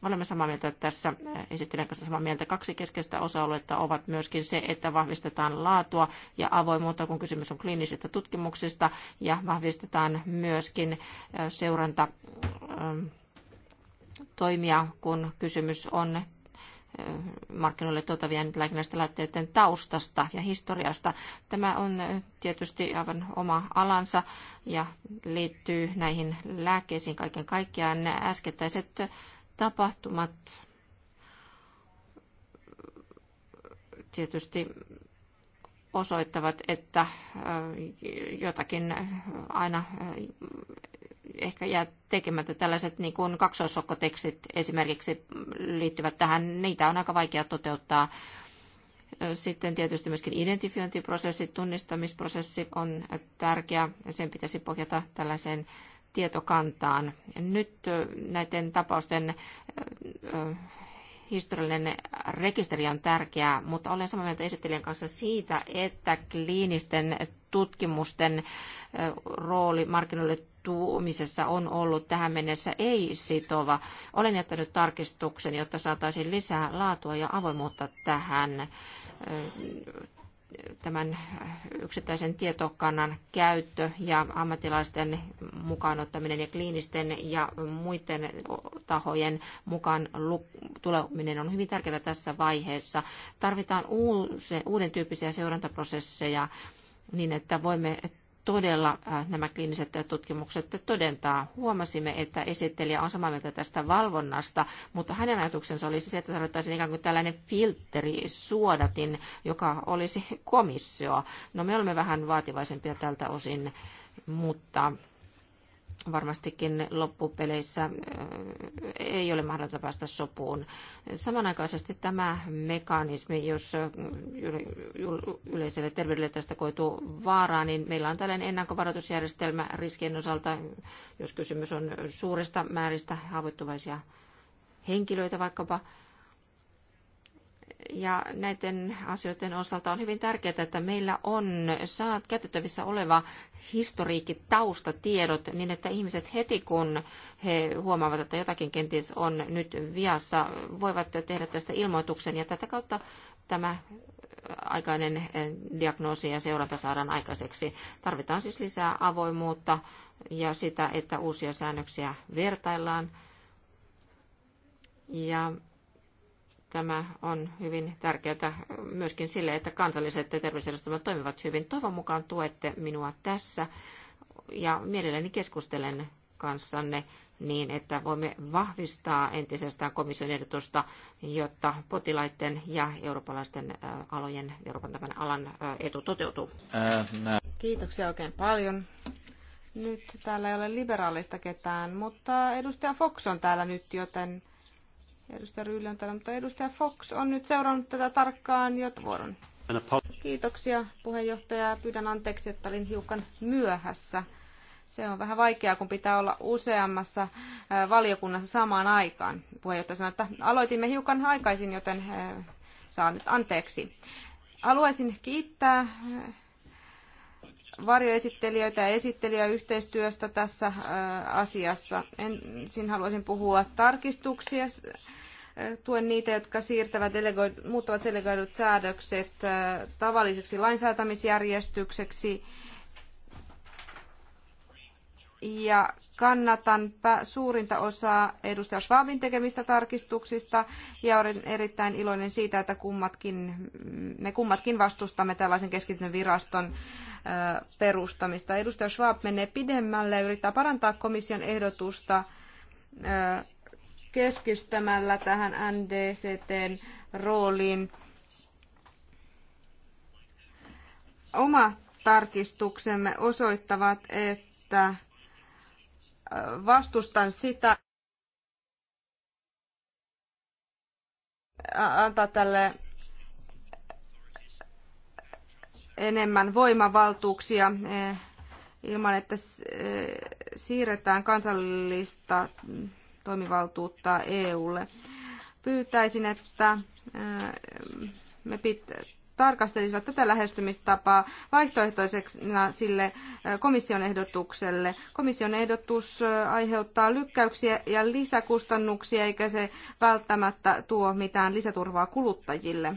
Olemme samaa mieltä tässä äh, esittelen kanssa samaa mieltä. Kaksi keskeistä osa-aluetta ovat myöskin se, että vahvistetaan laatua ja avoimuutta, kun kysymys on kliinisistä tutkimuksista, ja vahvistetaan myöskin äh, seuranta ähm, toimia, kun kysymys on äh, markkinoille tuotavien lääkinnäisten laitteiden taustasta ja historiasta. Tämä on tietysti aivan oma alansa ja liittyy näihin lääkkeisiin kaiken kaikkiaan. Äskettäiset tapahtumat tietysti osoittavat, että äh, jotakin äh, aina äh, ehkä jää tekemättä. Tällaiset niin kuin kaksoissokkotekstit esimerkiksi liittyvät tähän. Niitä on aika vaikea toteuttaa. Sitten tietysti myöskin identifiointiprosessi, tunnistamisprosessi on tärkeä. Sen pitäisi pohjata tällaiseen tietokantaan. Nyt näiden tapausten historiallinen rekisteri on tärkeää, mutta olen samaa mieltä esittelijän kanssa siitä, että kliinisten tutkimusten rooli markkinoille tuomisessa on ollut tähän mennessä ei sitova. Olen jättänyt tarkistuksen, jotta saataisiin lisää laatua ja avoimuutta tähän tämän yksittäisen tietokannan käyttö ja ammattilaisten mukaanottaminen ja kliinisten ja muiden tahojen mukaan tuleminen on hyvin tärkeää tässä vaiheessa. Tarvitaan uuden tyyppisiä seurantaprosesseja niin, että voimme todella äh, nämä kliiniset tutkimukset todentaa. Huomasimme, että esittelijä on samaa mieltä tästä valvonnasta, mutta hänen ajatuksensa olisi se, että tarvittaisiin ikään kuin tällainen filtteri, suodatin, joka olisi komissio. No me olemme vähän vaativaisempia tältä osin, mutta varmastikin loppupeleissä ei ole mahdollista päästä sopuun. Samanaikaisesti tämä mekanismi, jos yleiselle terveydelle tästä koituu vaaraa, niin meillä on tällainen ennakkovaroitusjärjestelmä riskien osalta, jos kysymys on suurista määristä haavoittuvaisia henkilöitä vaikkapa, ja näiden asioiden osalta on hyvin tärkeää, että meillä on saat käytettävissä oleva historiikki, taustatiedot, niin että ihmiset heti kun he huomaavat, että jotakin kenties on nyt viassa, voivat tehdä tästä ilmoituksen ja tätä kautta tämä aikainen eh, diagnoosi ja seuranta saadaan aikaiseksi. Tarvitaan siis lisää avoimuutta ja sitä, että uusia säännöksiä vertaillaan. Ja Tämä on hyvin tärkeää myöskin sille, että kansalliset terveysjärjestelmät toimivat hyvin. Toivon mukaan tuette minua tässä ja mielelläni keskustelen kanssanne niin, että voimme vahvistaa entisestään komission ehdotusta, jotta potilaiden ja eurooppalaisten alojen, Euroopan tämän alan etu toteutuu. Kiitoksia oikein paljon. Nyt täällä ei ole liberaalista ketään, mutta edustaja Fox on täällä nyt, joten edustaja Ryyli on täällä, mutta edustaja Fox on nyt seurannut tätä tarkkaan jo vuoron. Kiitoksia puheenjohtaja. Pyydän anteeksi, että olin hiukan myöhässä. Se on vähän vaikeaa, kun pitää olla useammassa valiokunnassa samaan aikaan. Puheenjohtaja sanoi, että aloitimme hiukan aikaisin, joten saan nyt anteeksi. Haluaisin kiittää varjoesittelijöitä ja esittelijäyhteistyöstä tässä äh, asiassa. Ensin haluaisin puhua tarkistuksia. Äh, tuen niitä, jotka siirtävät delegoid, muuttavat delegoidut säädökset äh, tavalliseksi lainsäätämisjärjestykseksi ja kannatan suurinta osaa edustaja Schwabin tekemistä tarkistuksista ja olen erittäin iloinen siitä, että kummatkin, me kummatkin vastustamme tällaisen keskitytyn viraston perustamista. Edustaja Schwab menee pidemmälle ja yrittää parantaa komission ehdotusta keskistämällä tähän NDCTn rooliin. Oma tarkistuksemme osoittavat, että vastustan sitä antaa tälle enemmän voimavaltuuksia e, ilman, että e, siirretään kansallista toimivaltuutta EUlle. Pyytäisin, että e, me pit tarkastelisivat tätä lähestymistapaa vaihtoehtoisena sille komission ehdotukselle. Komission ehdotus aiheuttaa lykkäyksiä ja lisäkustannuksia, eikä se välttämättä tuo mitään lisäturvaa kuluttajille.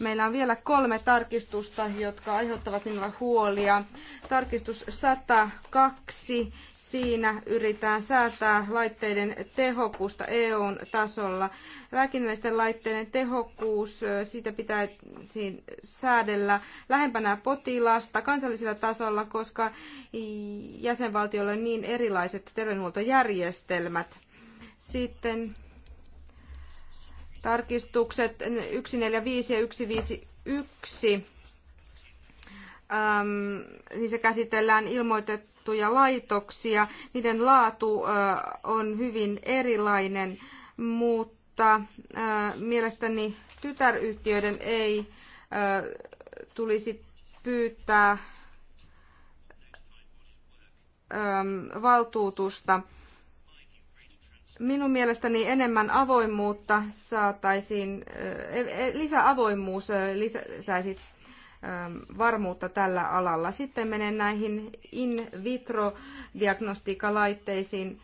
Meillä on vielä kolme tarkistusta, jotka aiheuttavat minulle huolia. Tarkistus 102 Siinä yritetään säätää laitteiden tehokkuusta EUn tasolla. Lääkinnällisten laitteiden tehokkuus, siitä pitäisi säädellä lähempänä potilasta kansallisella tasolla, koska jäsenvaltioilla on niin erilaiset terveydenhuoltojärjestelmät. Sitten tarkistukset 145 ja 151 Ähm, niissä käsitellään ilmoitettuja laitoksia. Niiden laatu äh, on hyvin erilainen, mutta äh, mielestäni tytäryhtiöiden ei äh, tulisi pyytää ähm, valtuutusta. Minun mielestäni enemmän avoimuutta saataisiin, e, e, lisäavoimuus lisäisi Ähm, varmuutta tällä alalla. Sitten menen näihin in vitro diagnostiikalaitteisiin.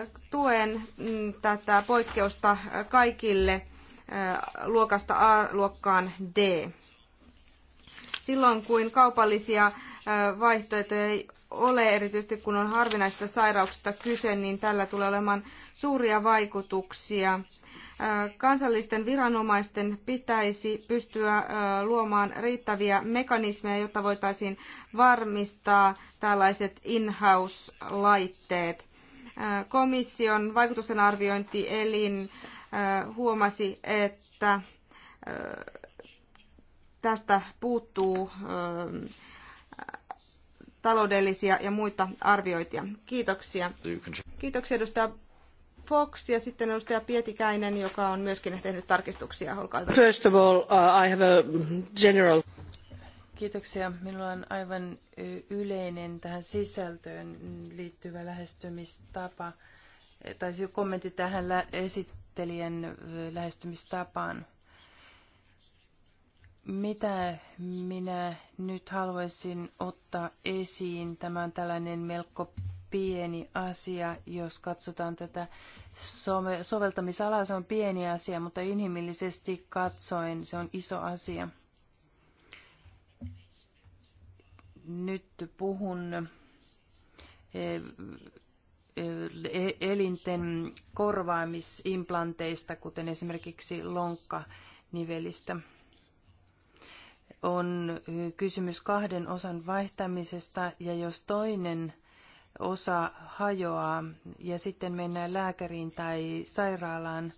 Äh, tuen mm, tätä poikkeusta kaikille äh, luokasta A-luokkaan D. Silloin kun kaupallisia äh, vaihtoehtoja ei ole, erityisesti kun on harvinaista sairauksista kyse, niin tällä tulee olemaan suuria vaikutuksia kansallisten viranomaisten pitäisi pystyä luomaan riittäviä mekanismeja, jotta voitaisiin varmistaa tällaiset in-house-laitteet. Komission vaikutusten arviointielin huomasi, että tästä puuttuu taloudellisia ja muita arviointia. Kiitoksia. Kiitoksia edustaja Fox ja sitten edustaja Pietikäinen, joka on myöskin tehnyt tarkistuksia. Olkaa hyvä. First of all, uh, I have a general... Kiitoksia. Minulla on aivan yleinen tähän sisältöön liittyvä lähestymistapa, tai siis kommentti tähän esittelijän lähestymistapaan. Mitä minä nyt haluaisin ottaa esiin? Tämä on tällainen melko pieni asia, jos katsotaan tätä soveltamisalaa, se on pieni asia, mutta inhimillisesti katsoen se on iso asia. Nyt puhun e, e, e, elinten korvaamisimplanteista, kuten esimerkiksi lonkkanivelistä. On kysymys kahden osan vaihtamisesta ja jos toinen osa hajoaa ja sitten mennään lääkäriin tai sairaalaan,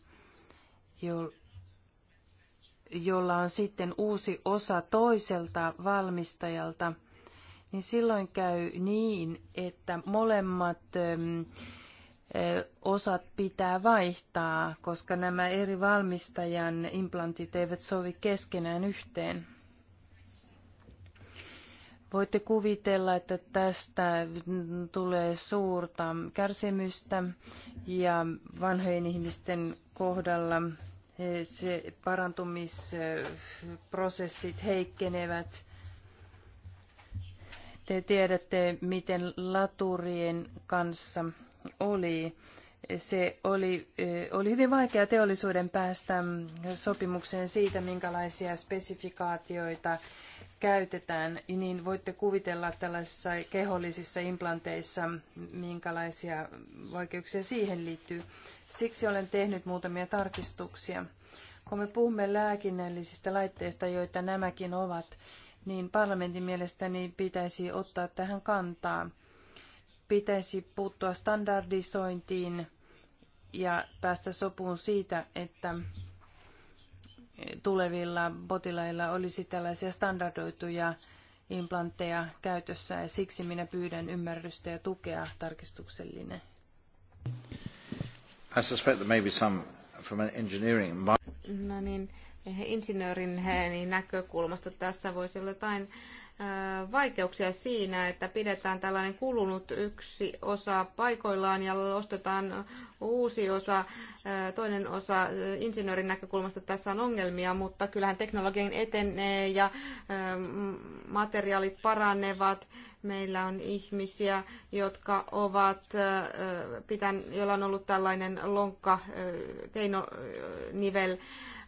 jo, jolla on sitten uusi osa toiselta valmistajalta, niin silloin käy niin, että molemmat ähm, äh, osat pitää vaihtaa, koska nämä eri valmistajan implantit eivät sovi keskenään yhteen. Voitte kuvitella, että tästä tulee suurta kärsimystä ja vanhojen ihmisten kohdalla se parantumisprosessit heikkenevät. Te tiedätte, miten laturien kanssa oli. Se oli, oli hyvin vaikea teollisuuden päästä sopimukseen siitä, minkälaisia spesifikaatioita käytetään, niin voitte kuvitella tällaisissa kehollisissa implanteissa, minkälaisia vaikeuksia siihen liittyy. Siksi olen tehnyt muutamia tarkistuksia. Kun me puhumme lääkinnällisistä laitteista, joita nämäkin ovat, niin parlamentin mielestäni pitäisi ottaa tähän kantaa. Pitäisi puuttua standardisointiin ja päästä sopuun siitä, että tulevilla potilailla olisi tällaisia standardoituja implantteja käytössä ja siksi minä pyydän ymmärrystä ja tukea tarkistuksellinen. I suspect that maybe some from an engineering... No niin, eh, insinöörin eh, niin näkökulmasta tässä voisi olla jotain vaikeuksia siinä, että pidetään tällainen kulunut yksi osa paikoillaan ja ostetaan uusi osa, toinen osa insinöörin näkökulmasta tässä on ongelmia, mutta kyllähän teknologian etenee ja materiaalit paranevat. Meillä on ihmisiä, jotka ovat, pitän, joilla on ollut tällainen lonkka, keinonivel,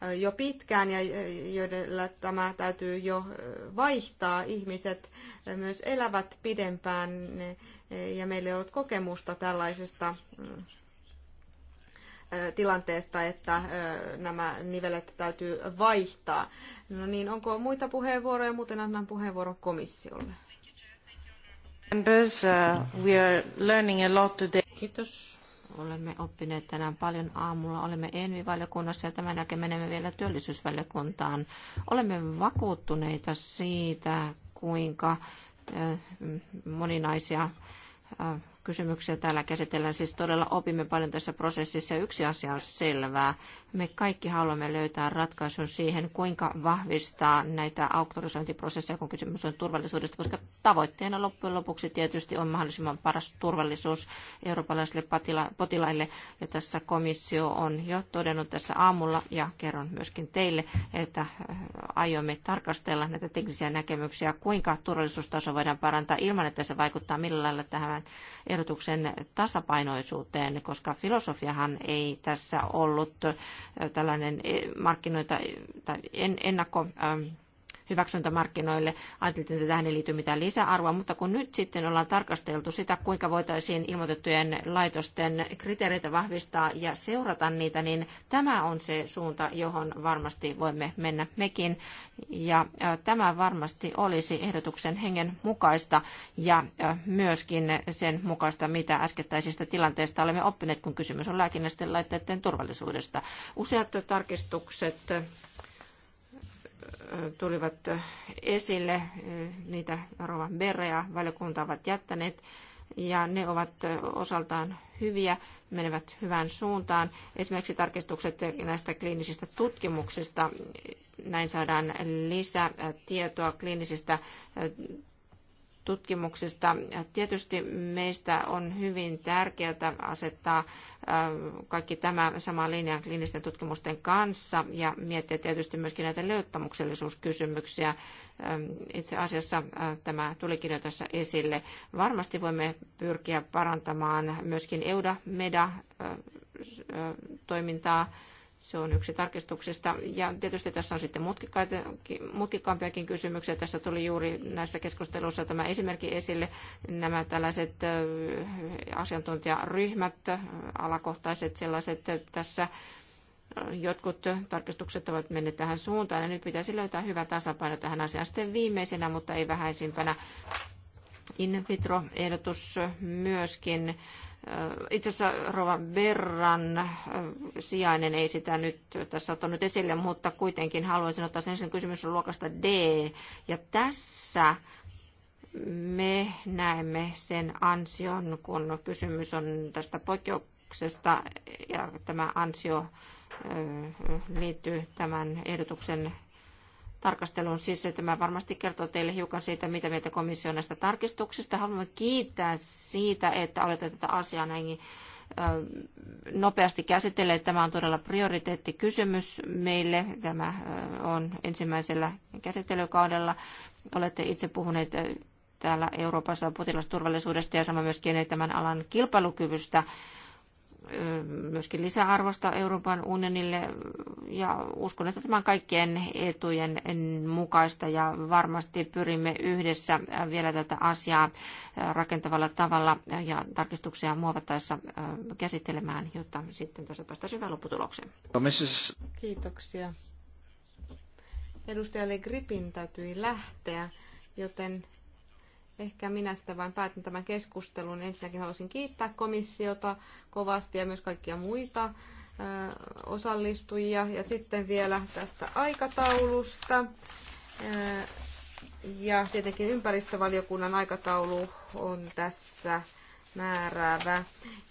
Äh, jo pitkään ja äh, joilla tämä täytyy jo äh, vaihtaa. Ihmiset myös elävät pidempään ja meillä ei ollut kokemusta tällaisesta mm, tilanteesta, että nämä nivelet täytyy vaihtaa. No niin, onko muita puheenvuoroja? Muuten annan puheenvuoron komissiolle. Members, uh, we are learning a lot today. Kiitos Olemme oppineet tänään paljon aamulla. Olemme ENVI-valiokunnassa ja tämän jälkeen menemme vielä työllisyysvaliokuntaan. Olemme vakuuttuneita siitä, kuinka eh, moninaisia eh, kysymyksiä täällä käsitellään. Siis todella opimme paljon tässä prosessissa. Yksi asia on selvää. Me kaikki haluamme löytää ratkaisun siihen, kuinka vahvistaa näitä auktorisointiprosesseja, kun kysymys on turvallisuudesta, koska tavoitteena loppujen lopuksi tietysti on mahdollisimman paras turvallisuus eurooppalaisille potilaille. Ja tässä komissio on jo todennut tässä aamulla ja kerron myöskin teille, että äh, aiomme tarkastella näitä teknisiä näkemyksiä, kuinka turvallisuustaso voidaan parantaa ilman, että se vaikuttaa millä lailla tähän ehdotuksen tasapainoisuuteen, koska filosofiahan ei tässä ollut tällainen e, markkinoita tai ennakko hyväksyntämarkkinoille. Ajateltiin, että tähän ei liity mitään lisäarvoa, mutta kun nyt sitten ollaan tarkasteltu sitä, kuinka voitaisiin ilmoitettujen laitosten kriteereitä vahvistaa ja seurata niitä, niin tämä on se suunta, johon varmasti voimme mennä mekin. Ja tämä varmasti olisi ehdotuksen hengen mukaista ja myöskin sen mukaista, mitä äskettäisistä tilanteista olemme oppineet, kun kysymys on lääkinnäisten laitteiden turvallisuudesta. Useat tarkistukset tulivat esille, niitä rovan Berea valiokunta ovat jättäneet, ja ne ovat osaltaan hyviä, menevät hyvään suuntaan. Esimerkiksi tarkistukset näistä kliinisistä tutkimuksista, näin saadaan lisätietoa kliinisistä tutkimuksista. Tietysti meistä on hyvin tärkeää asettaa kaikki tämä sama linja kliinisten tutkimusten kanssa ja miettiä tietysti myöskin näitä löytämuksellisuuskysymyksiä. Itse asiassa tämä tulikin jo tässä esille. Varmasti voimme pyrkiä parantamaan myöskin EUDA-MEDA-toimintaa se on yksi tarkistuksista. Ja tietysti tässä on sitten mutkikampiakin kysymyksiä. Tässä tuli juuri näissä keskusteluissa tämä esimerkki esille. Nämä tällaiset asiantuntijaryhmät, alakohtaiset sellaiset tässä jotkut tarkistukset ovat menneet tähän suuntaan ja nyt pitäisi löytää hyvä tasapaino tähän asiaan. Sitten viimeisenä, mutta ei vähäisimpänä, in vitro-ehdotus myöskin itse asiassa Rovan verran sijainen ei sitä nyt tässä ottanut esille, mutta kuitenkin haluaisin ottaa sen ensin kysymys luokasta D. Ja tässä me näemme sen ansion, kun kysymys on tästä poikkeuksesta ja tämä ansio liittyy tämän ehdotuksen tarkasteluun. Siis tämä varmasti kertoo teille hiukan siitä, mitä mieltä komissio näistä tarkistuksista. Haluamme kiittää siitä, että olette tätä asiaa näin nopeasti käsitelleet. Tämä on todella prioriteettikysymys meille. Tämä on ensimmäisellä käsittelykaudella. Olette itse puhuneet täällä Euroopassa potilasturvallisuudesta ja sama myöskin tämän alan kilpailukyvystä myöskin lisäarvosta Euroopan unionille ja uskon, että tämän kaikkien etujen mukaista ja varmasti pyrimme yhdessä vielä tätä asiaa rakentavalla tavalla ja tarkistuksia muovattaessa äh, käsittelemään, jotta sitten tässä päästään hyvään lopputulokseen. No, Kiitoksia. Edustajalle Gripin täytyi lähteä, joten Ehkä minä sitten vain päätän tämän keskustelun. Ensinnäkin haluaisin kiittää komissiota kovasti ja myös kaikkia muita osallistujia. Ja sitten vielä tästä aikataulusta. Ja tietenkin ympäristövaliokunnan aikataulu on tässä määräävä,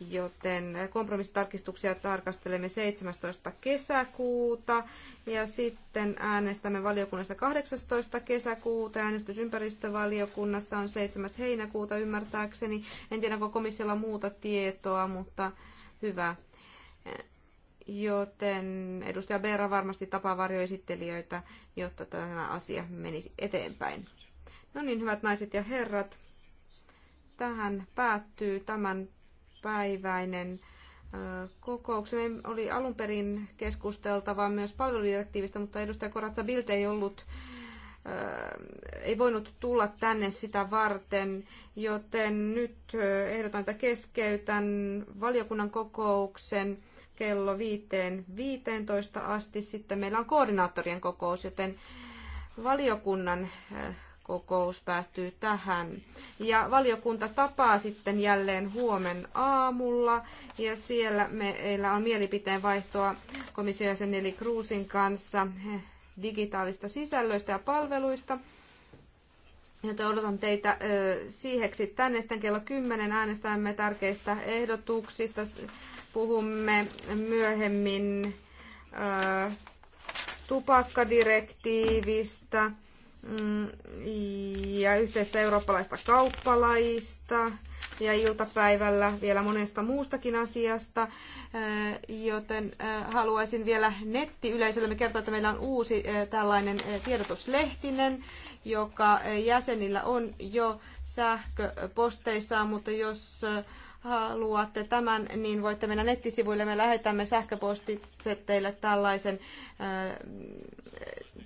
joten kompromissitarkistuksia tarkastelemme 17. kesäkuuta ja sitten äänestämme valiokunnassa 18. kesäkuuta. Äänestys ympäristövaliokunnassa on 7. heinäkuuta ymmärtääkseni. En tiedä, onko komissiolla muuta tietoa, mutta hyvä. Joten edustaja Beera varmasti tapaa varjoesittelijöitä, jotta tämä asia menisi eteenpäin. No niin, hyvät naiset ja herrat tähän päättyy tämän päiväinen kokouksemme. Oli alun perin keskusteltava myös palveludirektiivistä, mutta edustaja Koratsa Bilt ei ollut ei voinut tulla tänne sitä varten, joten nyt ehdotan, että keskeytän valiokunnan kokouksen kello 5.15 asti. Sitten meillä on koordinaattorien kokous, joten valiokunnan kokous päättyy tähän. Ja valiokunta tapaa sitten jälleen huomen aamulla ja siellä meillä on mielipiteen vaihtoa jäsen Eli Kruusin kanssa digitaalista sisällöistä ja palveluista. Joten odotan teitä ö, siiheksi tänne. Sitten kello 10 äänestämme tärkeistä ehdotuksista. Puhumme myöhemmin ö, tupakkadirektiivistä Mm, ja yhteistä eurooppalaista kauppalaista ja iltapäivällä vielä monesta muustakin asiasta, äh, joten äh, haluaisin vielä nettiyleisölle kertoa, että meillä on uusi äh, tällainen tiedotuslehtinen, joka jäsenillä on jo sähköposteissaan, mutta jos haluatte tämän, niin voitte mennä nettisivuille. Me lähetämme sähköpostitse teille tällaisen äh,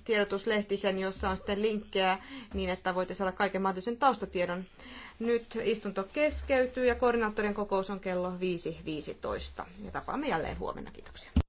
tiedotuslehtisen, jossa on sitten linkkejä niin, että voitte saada kaiken mahdollisen taustatiedon. Nyt istunto keskeytyy ja koordinaattorin kokous on kello 5.15. Ja tapaamme jälleen huomenna. Kiitoksia.